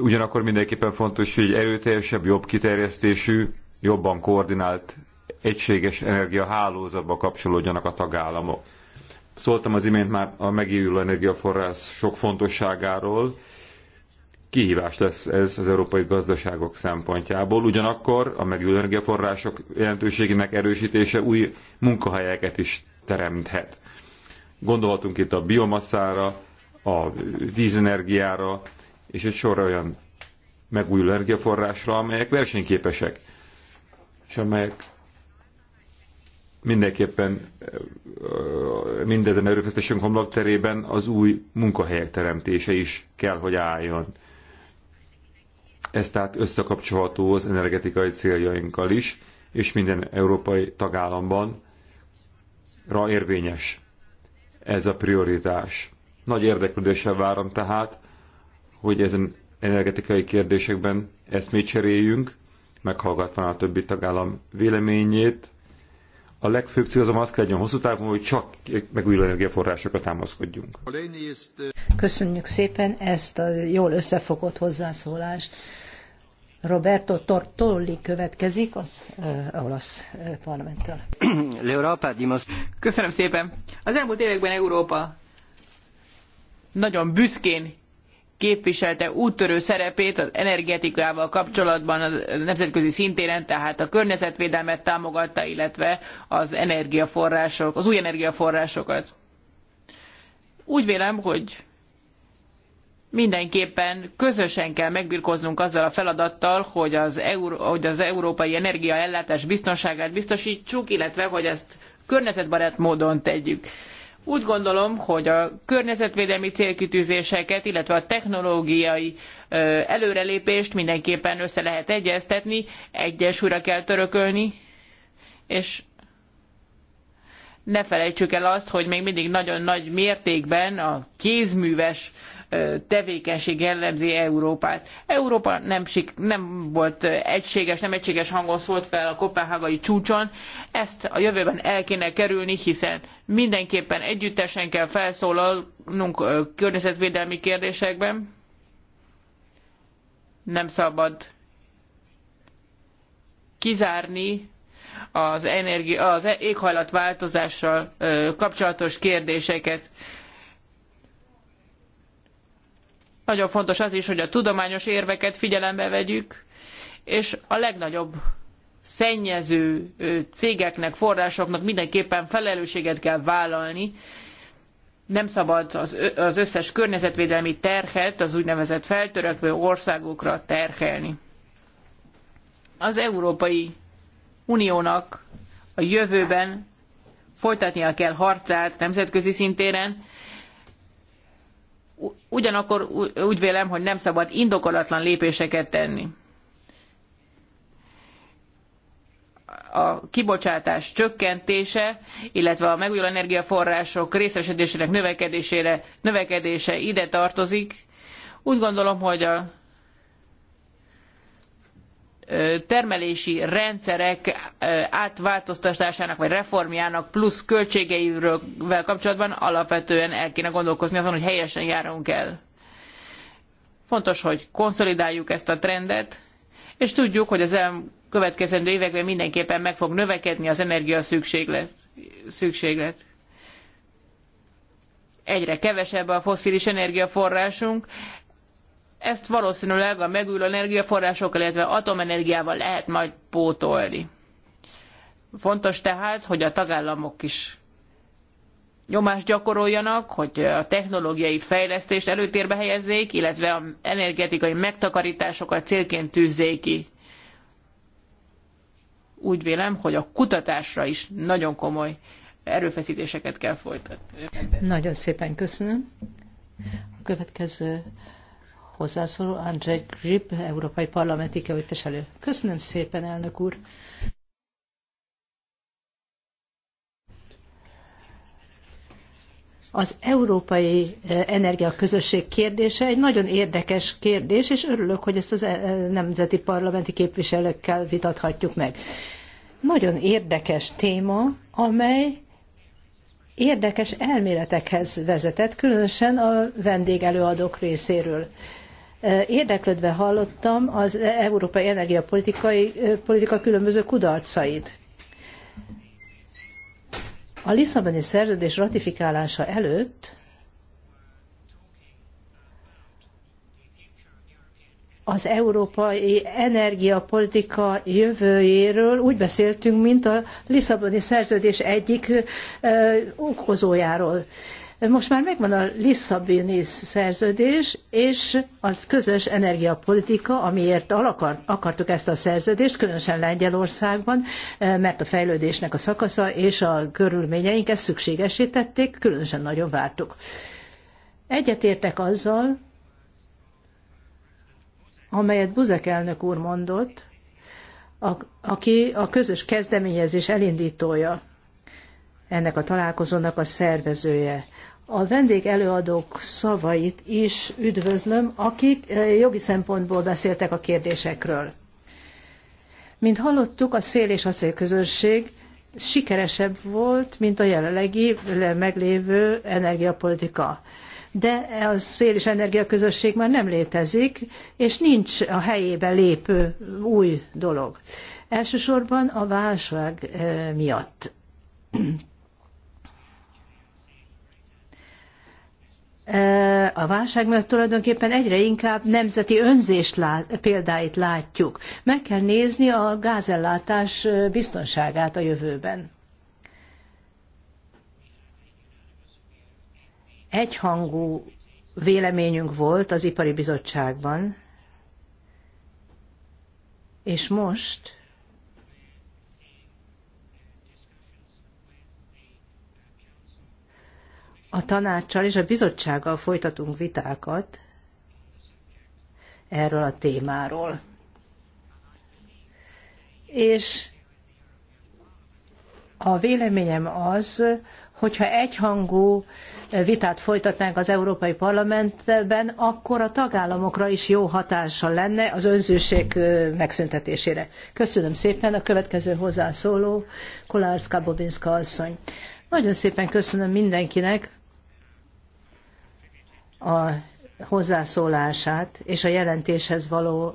Ugyanakkor mindenképpen fontos, hogy erőteljesebb, jobb kiterjesztésű, jobban koordinált, egységes energiahálózatba kapcsolódjanak a tagállamok. Szóltam az imént már a megújuló energiaforrás sok fontosságáról. Kihívás lesz ez az európai gazdaságok szempontjából. Ugyanakkor a megújuló energiaforrások jelentőségének erősítése új munkahelyeket is teremthet. Gondolhatunk itt a biomaszára, a vízenergiára, és egy sor olyan megújuló energiaforrásra, amelyek versenyképesek, és amelyek mindenképpen mindezen erőfeszítésünk homlokterében az új munkahelyek teremtése is kell, hogy álljon. Ez tehát összekapcsolható az energetikai céljainkkal is, és minden európai tagállamban ra érvényes ez a prioritás. Nagy érdeklődéssel várom tehát hogy ezen energetikai kérdésekben eszmét cseréljünk, meghallgatva a többi tagállam véleményét. A legfőbb cél azonban az kell legyen hosszú távon, hogy csak megújuló energiaforrásokra támaszkodjunk. Köszönjük szépen ezt a jól összefogott hozzászólást. Roberto Tortoli következik az uh, olasz uh, parlamenttől. Köszönöm szépen. Az elmúlt években Európa nagyon büszkén képviselte úttörő szerepét az energetikával kapcsolatban a nemzetközi szintéren, tehát a környezetvédelmet támogatta, illetve az energiaforrások, az új energiaforrásokat. Úgy vélem, hogy mindenképpen közösen kell megbirkóznunk azzal a feladattal, hogy az, Euró- hogy az európai energiaellátás biztonságát biztosítsuk, illetve hogy ezt környezetbarát módon tegyük. Úgy gondolom, hogy a környezetvédelmi célkitűzéseket, illetve a technológiai előrelépést mindenképpen össze lehet egyeztetni, egyensúlyra kell törökölni, és ne felejtsük el azt, hogy még mindig nagyon nagy mértékben a kézműves tevékenység jellemzi Európát. Európa nem, sik, nem volt egységes, nem egységes hangon szólt fel a kopenhágai csúcson. Ezt a jövőben el kéne kerülni, hiszen mindenképpen együttesen kell felszólalnunk környezetvédelmi kérdésekben. Nem szabad kizárni az, energi- az éghajlatváltozással kapcsolatos kérdéseket. Nagyon fontos az is, hogy a tudományos érveket figyelembe vegyük, és a legnagyobb szennyező cégeknek, forrásoknak mindenképpen felelősséget kell vállalni. Nem szabad az összes környezetvédelmi terhet az úgynevezett feltörekvő országokra terhelni. Az Európai Uniónak a jövőben folytatnia kell harcát nemzetközi szintéren, ugyanakkor úgy vélem, hogy nem szabad indokolatlan lépéseket tenni. a kibocsátás csökkentése, illetve a megújuló energiaforrások részesedésének növekedésére, növekedése ide tartozik. Úgy gondolom, hogy a termelési rendszerek átváltoztatásának vagy reformjának plusz költségeivel kapcsolatban alapvetően el kéne gondolkozni azon, hogy helyesen járunk el. Fontos, hogy konszolidáljuk ezt a trendet, és tudjuk, hogy az következő években mindenképpen meg fog növekedni az energia szükséglet. szükséglet egyre kevesebb a fosszilis energiaforrásunk, ezt valószínűleg a megújuló energiaforrásokkal, illetve atomenergiával lehet majd pótolni. Fontos tehát, hogy a tagállamok is nyomást gyakoroljanak, hogy a technológiai fejlesztést előtérbe helyezzék, illetve a energetikai megtakarításokat célként tűzzék ki. Úgy vélem, hogy a kutatásra is nagyon komoly erőfeszítéseket kell folytatni. Nagyon szépen köszönöm. A következő Hozzászóló Andrzej Grib, Európai Parlamenti Képviselő. Köszönöm szépen, elnök úr! az Európai eh, Energiaközösség kérdése egy nagyon érdekes kérdés, és örülök, hogy ezt az eh, nemzeti parlamenti képviselőkkel vitathatjuk meg. Nagyon érdekes téma, amely érdekes elméletekhez vezetett, különösen a vendégelőadók részéről. Érdeklődve hallottam az európai energiapolitikai politika különböző kudarcait. A Lisszaboni szerződés ratifikálása előtt az európai energiapolitika jövőjéről úgy beszéltünk, mint a Lisszaboni szerződés egyik okozójáról. Most már megvan a Lisszaboni szerződés, és az közös energiapolitika, amiért alakar akartuk ezt a szerződést, különösen Lengyelországban, eh, mert a fejlődésnek a szakasza és a körülményeink ezt szükségesítették, különösen nagyon vártuk. Egyetértek azzal, amelyet Buzek elnök úr mondott, a, aki a közös kezdeményezés elindítója, ennek a találkozónak a szervezője a vendégelőadók szavait is üdvözlöm, akik eh, jogi szempontból beszéltek a kérdésekről. Mint hallottuk, a szél és acélközösség sikeresebb volt, mint a jelenlegi meglévő energiapolitika. De a szél és energiaközösség már nem létezik, és nincs a helyébe lépő új dolog. Elsősorban a válság eh, miatt. a válság miatt tulajdonképpen egyre inkább nemzeti önzést lát, példáit látjuk. Meg kell nézni a gázellátás biztonságát a jövőben. Egyhangú véleményünk volt az ipari bizottságban, és most a tanácssal és a bizottsággal folytatunk vitákat erről a témáról. És a véleményem az, hogyha egyhangú vitát folytatnánk az Európai Parlamentben, akkor a tagállamokra is jó hatással lenne az önzőség megszüntetésére. Köszönöm szépen a következő hozzászóló, Kolárszka Bobinska asszony. Nagyon szépen köszönöm mindenkinek, a hozzászólását és a jelentéshez való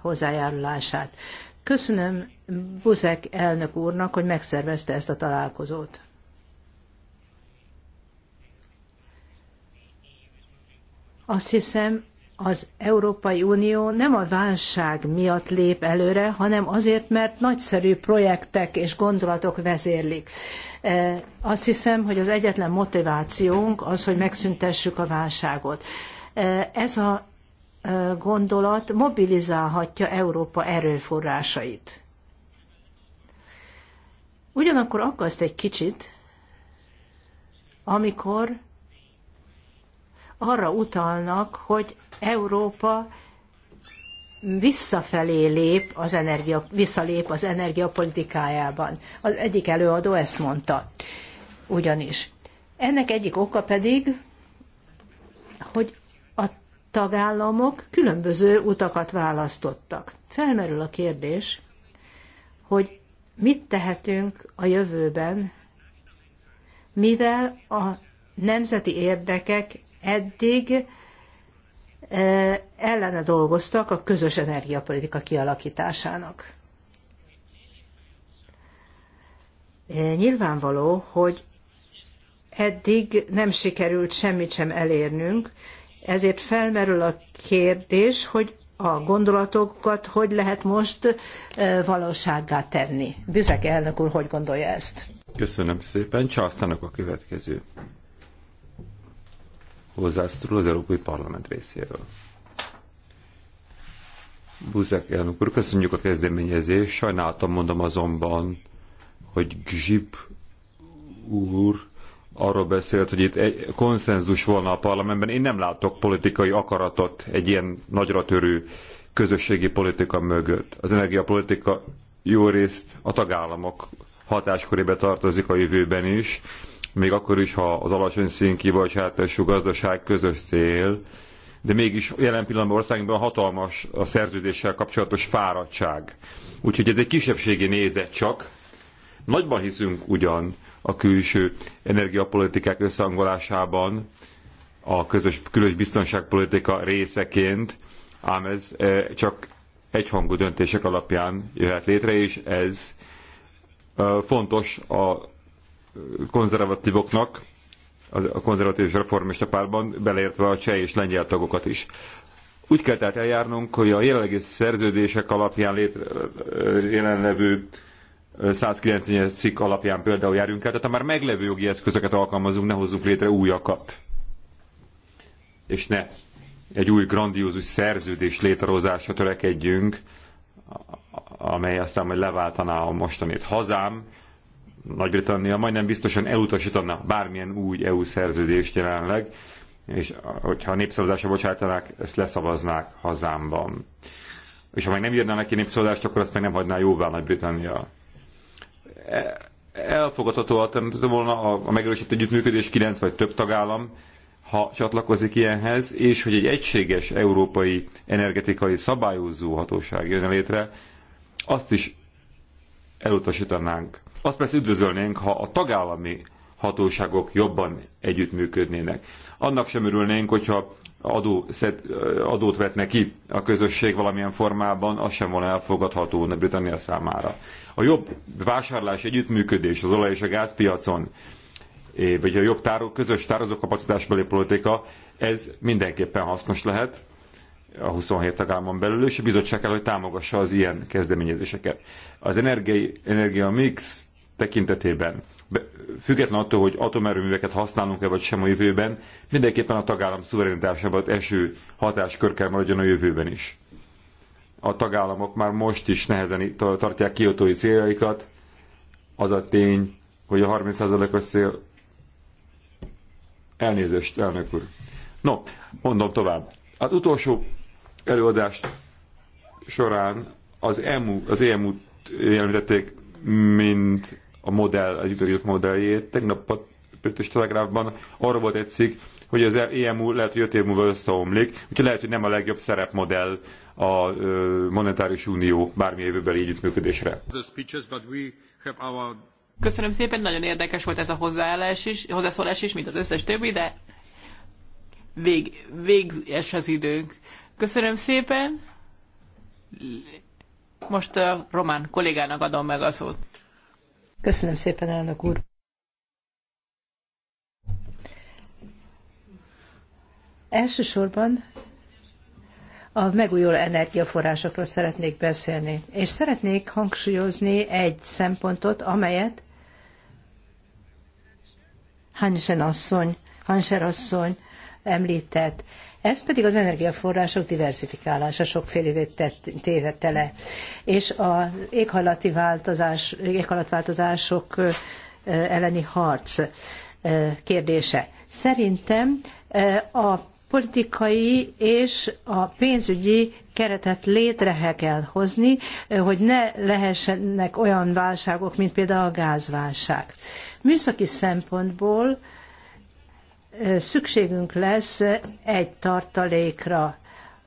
hozzájárulását. Köszönöm Buzek elnök úrnak, hogy megszervezte ezt a találkozót. Azt hiszem, az Európai Unió nem a válság miatt lép előre, hanem azért, mert nagyszerű projektek és gondolatok vezérlik. E, azt hiszem, hogy az egyetlen motivációnk az, hogy megszüntessük a válságot. E, ez a e, gondolat mobilizálhatja Európa erőforrásait. Ugyanakkor aggaszt egy kicsit, amikor arra utalnak, hogy Európa visszafelé lép az energia, visszalép az energiapolitikájában. Az egyik előadó ezt mondta. Ugyanis. Ennek egyik oka pedig, hogy a tagállamok különböző utakat választottak. Felmerül a kérdés, hogy mit tehetünk a jövőben, mivel a nemzeti érdekek eddig eh, ellene dolgoztak a közös energiapolitika kialakításának. Eh, nyilvánvaló, hogy eddig nem sikerült semmit sem elérnünk, ezért felmerül a kérdés, hogy a gondolatokat hogy lehet most eh, valósággá tenni. Büzek elnök úr, hogy gondolja ezt? Köszönöm szépen, Császtának a következő hozzászól az Európai Parlament részéről. Buzek elnök úr, köszönjük a kezdeményezést. Sajnáltam mondom azonban, hogy Gzsip úr arról beszélt, hogy itt egy konszenzus volna a parlamentben. Én nem látok politikai akaratot egy ilyen nagyra törő közösségi politika mögött. Az energiapolitika jó részt a tagállamok hatáskörébe tartozik a jövőben is, még akkor is, ha az alacsony színkibocsátású gazdaság közös cél, de mégis jelen pillanatban országunkban hatalmas a szerződéssel kapcsolatos fáradtság. Úgyhogy ez egy kisebbségi nézet csak. Nagyban hiszünk ugyan a külső energiapolitikák összehangolásában, a közös, különös biztonságpolitika részeként, ám ez e, csak egyhangú döntések alapján jöhet létre, és ez e, fontos a konzervatívoknak, a konzervatív és reformista párban, beleértve a cseh és lengyel tagokat is. Úgy kell tehát eljárnunk, hogy a jelenlegi szerződések alapján létre, jelenlevő 190 cikk alapján például járjunk el, tehát ha már meglevő jogi eszközöket alkalmazunk, ne hozzunk létre újakat. És ne egy új grandiózus szerződés létrehozásra törekedjünk, amely aztán majd leváltaná a mostanét Hazám nagy-Britannia majdnem biztosan elutasítana bármilyen új EU szerződést jelenleg, és hogyha népszavazásra bocsájtanák, ezt leszavaznák hazámban. És ha meg nem írnának ki népszavazást, akkor azt meg nem hagyná jóvá Nagy-Britannia. E, elfogadható alternatív hát volna a, a megerősített együttműködés 9 vagy több tagállam, ha csatlakozik ilyenhez, és hogy egy egységes európai energetikai szabályozó hatóság jön létre, azt is elutasítanánk. Azt persze üdvözölnénk, ha a tagállami hatóságok jobban együttműködnének. Annak sem örülnénk, hogyha adó, szed, adót vetne ki a közösség valamilyen formában, az sem volna elfogadható Nagy-Britannia számára. A jobb vásárlás, együttműködés az olaj és a gázpiacon, vagy a jobb táro, közös tározókapacitásbeli politika, ez mindenképpen hasznos lehet a 27 tagállamon belül, és a bizottság kell, hogy támogassa az ilyen kezdeményezéseket. Az energia, energia mix tekintetében, független attól, hogy atomerőműveket használunk-e vagy sem a jövőben, mindenképpen a tagállam szuverenitásában eső hatáskör kell maradjon a jövőben is. A tagállamok már most is nehezen tartják kiotói céljaikat. Az a tény, hogy a 30%-os szél... Elnézést, elnök úr. No, mondom tovább. Az utolsó előadás során az EMU, az EMU-t jelenítették, mint a modell, az ütőgép modelljét. Tegnap a British Telegraphban arra volt egy cikk, hogy az EMU lehet, hogy 5 év múlva összeomlik, úgyhogy lehet, hogy nem a legjobb szerepmodell a monetáris unió bármilyen jövőbeli együttműködésre. Köszönöm szépen, nagyon érdekes volt ez a hozzáállás is, hozzászólás is, mint az összes többi, de vég, véges az időnk. Köszönöm szépen. Most a román kollégának adom meg a szót. Köszönöm szépen, elnök úr. Elsősorban a megújuló energiaforrásokról szeretnék beszélni, és szeretnék hangsúlyozni egy szempontot, amelyet Hansen asszony, Hanser asszony említett. Ez pedig az energiaforrások diversifikálása sokfélévé tévetele. És az éghajlati változás, éghajlatváltozások elleni harc kérdése. Szerintem a politikai és a pénzügyi keretet létre kell hozni, hogy ne lehessenek olyan válságok, mint például a gázválság. Műszaki szempontból szükségünk lesz egy tartalékra,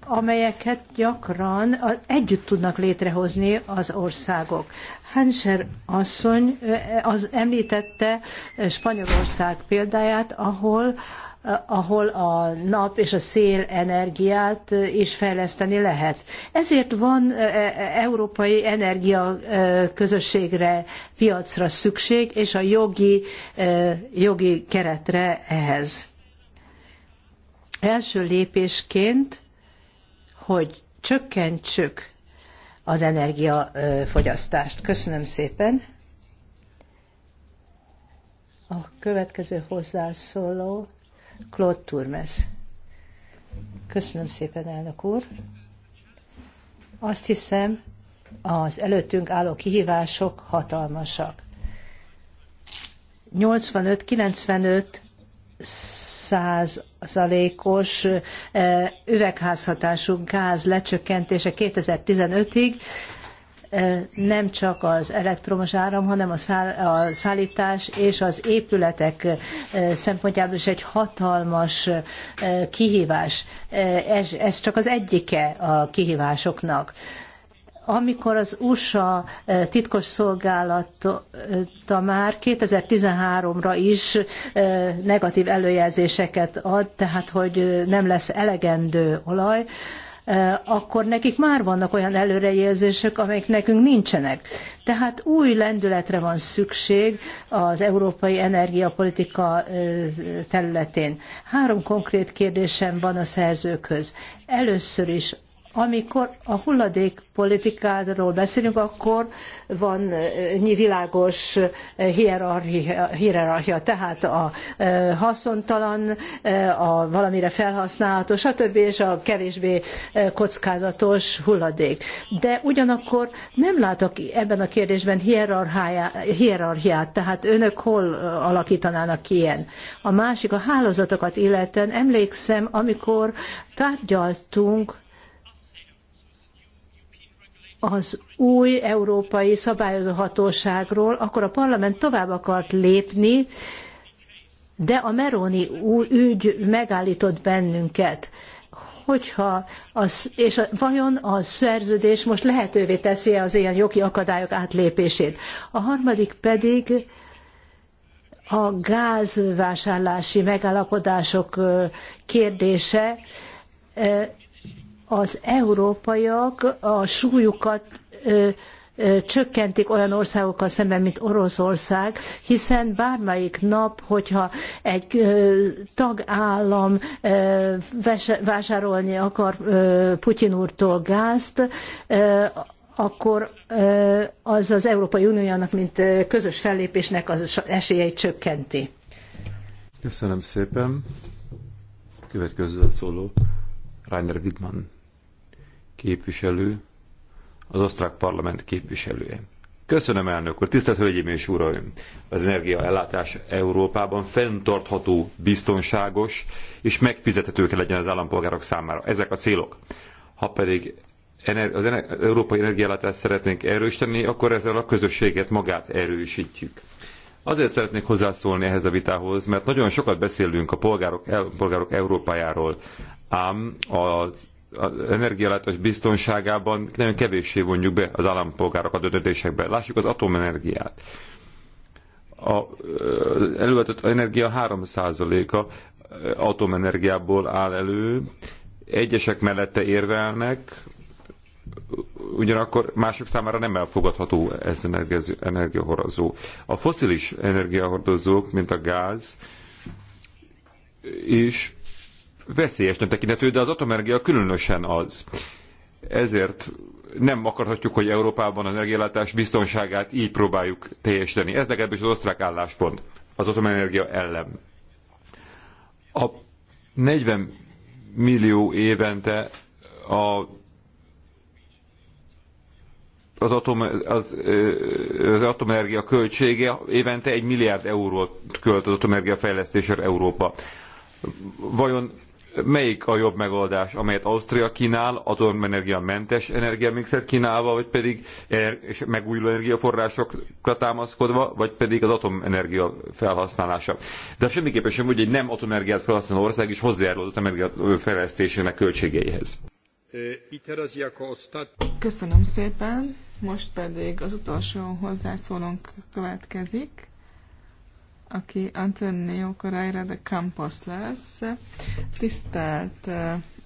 amelyeket gyakran együtt tudnak létrehozni az országok. Hanser asszony az említette Spanyolország példáját, ahol ahol a nap és a szél energiát is fejleszteni lehet. Ezért van e, e, európai energia közösségre, piacra szükség, és a jogi, jogi keretre ehhez. Első lépésként, hogy csökkentsük az energiafogyasztást. Köszönöm szépen. A következő hozzászóló Claude Turmes. Köszönöm szépen, elnök úr. Azt hiszem, az előttünk álló kihívások hatalmasak. 85-95 százalékos eh, üvegházhatású gáz lecsökkentése 2015-ig nem csak az elektromos áram, hanem a, száll, a szállítás és az épületek szempontjából is egy hatalmas kihívás. Ez, ez csak az egyike a kihívásoknak amikor az USA titkos szolgálata már 2013-ra is negatív előjelzéseket ad, tehát hogy nem lesz elegendő olaj, Eh, akkor nekik már vannak olyan előrejelzések, amelyek nekünk nincsenek. Tehát új lendületre van szükség az európai energiapolitika eh, területén. Három konkrét kérdésem van a szerzőkhöz. Először is amikor a hulladékpolitikáról beszélünk, akkor van eh, világos eh, hierarchia, hierarchia, tehát a eh, haszontalan, a valamire felhasználható, stb. és a kevésbé kockázatos hulladék. De ugyanakkor nem látok ebben a kérdésben hierarchiát, tehát önök hol alakítanának ki ilyen. A másik a hálózatokat illetően emlékszem, amikor tárgyaltunk az új európai szabályozó hatóságról, akkor a parlament tovább akart lépni, de a Meroni ügy megállított bennünket. Hogyha az, és a, vajon a szerződés most lehetővé teszi az ilyen jogi akadályok átlépését. A harmadik pedig a gázvásárlási megállapodások kérdése az európaiak a súlyukat ö, ö, csökkentik olyan országokkal szemben, mint Oroszország, hiszen bármelyik nap, hogyha egy ö, tagállam vásárolni akar Putyin úrtól gázt, akkor az az Európai Uniónak, mint közös fellépésnek az esélyeit csökkenti. Köszönöm szépen. Következő szóló Rainer Wittmann képviselő, az osztrák parlament képviselője. Köszönöm, elnök úr, tisztelt Hölgyeim és Uraim! Az energiaellátás Európában fenntartható, biztonságos és megfizethető kell legyen az állampolgárok számára. Ezek a célok. Ha pedig az európai energiállátást szeretnénk erősíteni, akkor ezzel a közösséget magát erősítjük. Azért szeretnék hozzászólni ehhez a vitához, mert nagyon sokat beszélünk a polgárok, polgárok Európájáról, ám az energialátás biztonságában nagyon kevéssé vonjuk be az állampolgárokat a döntésekbe. Lássuk az atomenergiát. A, az előadott energia 3%-a atomenergiából áll elő, egyesek mellette érvelnek, ugyanakkor mások számára nem elfogadható ez energiahorozó. A foszilis energiahordozók, mint a gáz, is veszélyesnek tekinthető, de az atomenergia különösen az. Ezért nem akarhatjuk, hogy Európában az energiállátás biztonságát így próbáljuk teljesíteni. Ez legalábbis az osztrák álláspont az atomenergia ellen. A 40 millió évente a az, atom, az, az atomenergia költsége évente egy milliárd eurót költ az atomenergia fejlesztésre Európa. Vajon melyik a jobb megoldás, amelyet Ausztria kínál, atomenergia mentes energiamixet kínálva, vagy pedig er, és megújuló energiaforrásokra támaszkodva, vagy pedig az atomenergia felhasználása. De semmiképpen sem úgy, hogy egy nem atomenergiát felhasználó ország is hozzájárul az energia fejlesztésének költségeihez. Köszönöm szépen, most pedig az utolsó hozzászólónk következik aki Antonio Correira de Campos lesz. Tisztelt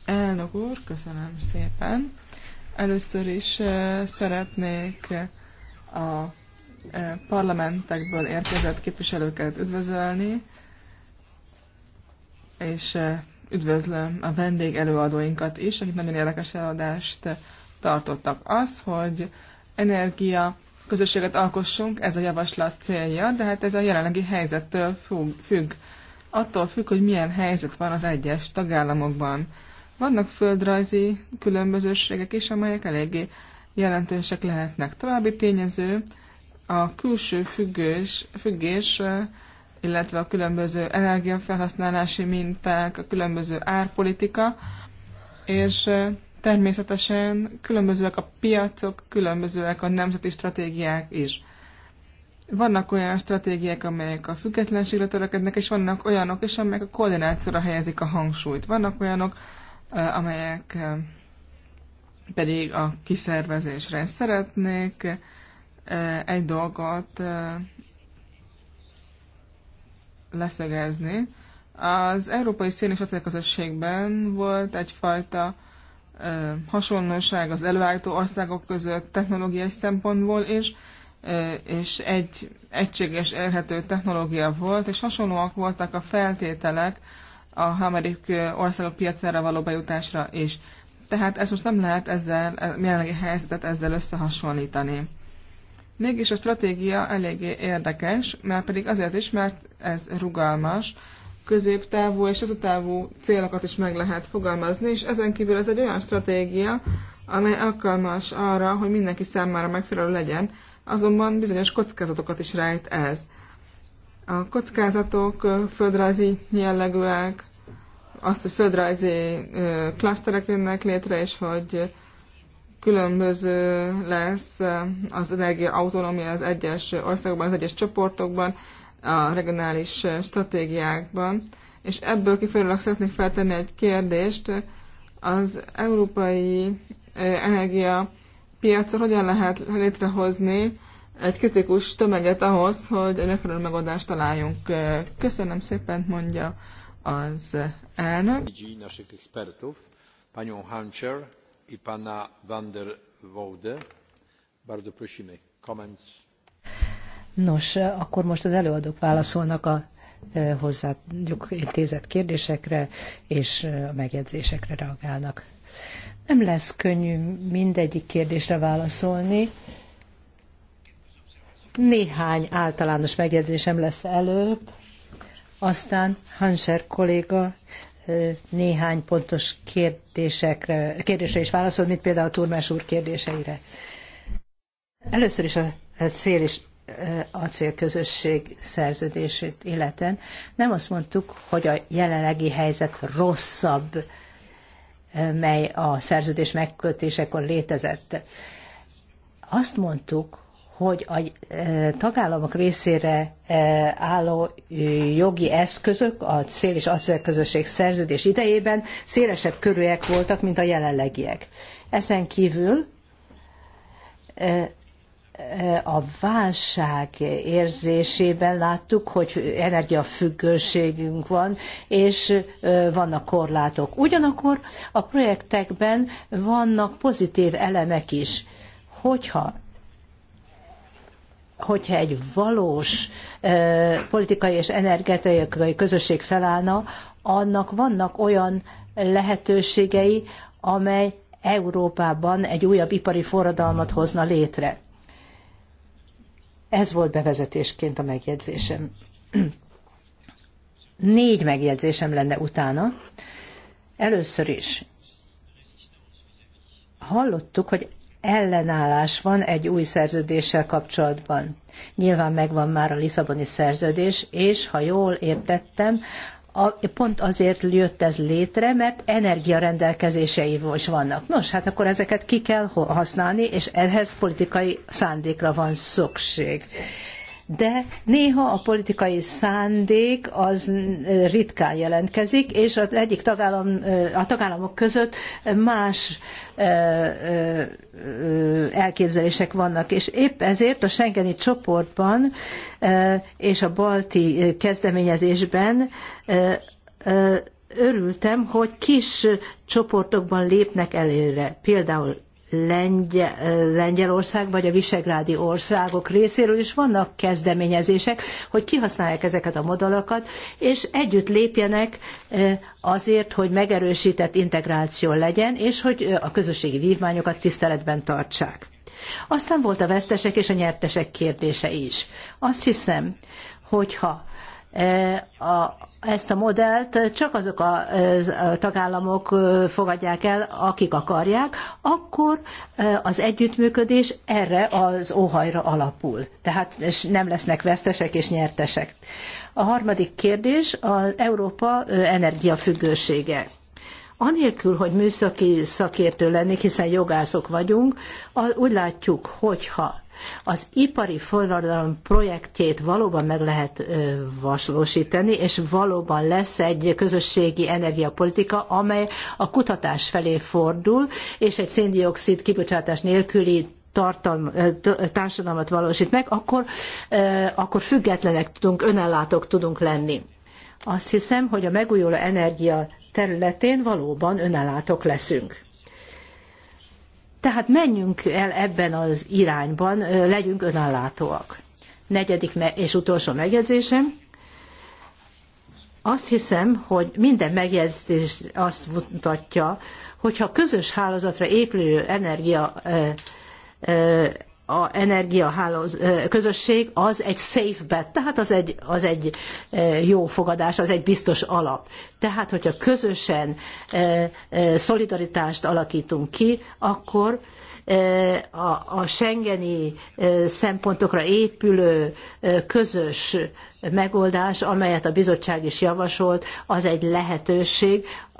elnök úr, köszönöm szépen. Először is szeretnék a parlamentekből érkezett képviselőket üdvözölni, és üdvözlöm a vendég előadóinkat is, akik nagyon érdekes előadást tartottak. Az, hogy energia, közösséget alkossunk, ez a javaslat célja, de hát ez a jelenlegi helyzettől függ. Attól függ, hogy milyen helyzet van az egyes tagállamokban. Vannak földrajzi különbözőségek is, amelyek eléggé jelentősek lehetnek. További tényező a külső függős, függés, illetve a különböző energiafelhasználási minták, a különböző árpolitika, és Természetesen különbözőek a piacok, különbözőek a nemzeti stratégiák is. Vannak olyan stratégiák, amelyek a függetlenségre törekednek, és vannak olyanok is, amelyek a koordinációra helyezik a hangsúlyt. Vannak olyanok, amelyek pedig a kiszervezésre. Szeretnék egy dolgot leszögezni. Az Európai Szén és Közösségben volt egyfajta hasonlóság az előállító országok között technológiai szempontból is, és egy egységes érhető technológia volt, és hasonlóak voltak a feltételek a harmadik országok piacára való bejutásra is. Tehát ezt most nem lehet ezzel, e, jelenlegi helyzetet ezzel összehasonlítani. Mégis a stratégia eléggé érdekes, mert pedig azért is, mert ez rugalmas, középtávú és az utávú célokat is meg lehet fogalmazni, és ezen kívül ez egy olyan stratégia, amely alkalmas arra, hogy mindenki számára megfelelő legyen, azonban bizonyos kockázatokat is rejt ez. A kockázatok földrajzi jellegűek, azt, hogy földrajzi klaszterek jönnek létre, és hogy különböző lesz az energia autonómia az egyes országokban, az egyes csoportokban, a regionális stratégiákban, és ebből kifejezőleg szeretnék feltenni egy kérdést, az európai energia piacon hogyan lehet létrehozni egy kritikus tömeget ahhoz, hogy egy megfelelő megoldást találjunk. Köszönöm szépen, mondja az elnök. panią Hancher i pana van der Bardzo prosimy, Nos, akkor most az előadók válaszolnak a e, hozzájuk intézett kérdésekre és e, a megjegyzésekre reagálnak. Nem lesz könnyű mindegyik kérdésre válaszolni. Néhány általános megjegyzésem lesz előbb, aztán Hanser kolléga e, néhány pontos kérdésekre, kérdésre is válaszol, mint például a Turmás úr kérdéseire. Először is a szél és célközösség szerződését illeten. Nem azt mondtuk, hogy a jelenlegi helyzet rosszabb, mely a szerződés megkötésekor létezett. Azt mondtuk, hogy a tagállamok részére álló jogi eszközök a cél és acélközösség szerződés idejében szélesebb körűek voltak, mint a jelenlegiek. Ezen kívül a válság érzésében láttuk, hogy energiafüggőségünk van, és vannak korlátok. Ugyanakkor a projektekben vannak pozitív elemek is. Hogyha hogyha egy valós politikai és energetikai közösség felállna, annak vannak olyan lehetőségei, amely Európában egy újabb ipari forradalmat hozna létre. Ez volt bevezetésként a megjegyzésem. Négy megjegyzésem lenne utána. Először is hallottuk, hogy ellenállás van egy új szerződéssel kapcsolatban. Nyilván megvan már a Lisszaboni szerződés, és ha jól értettem, a, pont azért jött ez létre, mert energiarendelkezései is vannak. Nos, hát akkor ezeket ki kell használni, és ehhez politikai szándékra van szükség de néha a politikai szándék az eh, ritkán jelentkezik, és az egyik tagállam, eh, a tagállamok között más eh, elképzelések vannak, és épp ezért a Schengeni csoportban és a balti kezdeményezésben örültem, hogy kis csoportokban lépnek előre. Például Lengyel, Lengyelország vagy a visegrádi országok részéről is vannak kezdeményezések, hogy kihasználják ezeket a modalakat, és együtt lépjenek azért, hogy megerősített integráció legyen, és hogy a közösségi vívmányokat tiszteletben tartsák. Aztán volt a vesztesek és a nyertesek kérdése is. Azt hiszem, hogyha Eh, a, ezt a modellt csak azok a, a tagállamok fogadják el, akik akarják, akkor az együttműködés erre az óhajra alapul. Tehát nem lesznek vesztesek és nyertesek. A harmadik kérdés az Európa energiafüggősége. Anélkül, hogy műszaki szakértő lennék, hiszen jogászok vagyunk, úgy látjuk, hogyha az ipari forradalom projektjét valóban meg lehet valósítani, és valóban lesz egy közösségi energiapolitika, amely a kutatás felé fordul, és egy széndiokszid kibocsátás nélküli tartalm, társadalmat valósít meg, akkor, akkor függetlenek tudunk, önellátók tudunk lenni. Azt hiszem, hogy a megújuló energia területén valóban önellátók leszünk. Tehát menjünk el ebben az irányban, legyünk önállátóak. Negyedik és utolsó megjegyzésem. Azt hiszem, hogy minden megjegyzés azt mutatja, hogyha közös hálózatra épülő energia a energiahálóz közösség az egy safe bet, tehát az egy, az egy jó fogadás, az egy biztos alap. Tehát, hogyha közösen szolidaritást alakítunk ki, akkor a, a Schengeni szempontokra épülő közös megoldás, amelyet a bizottság is javasolt, az egy lehetőség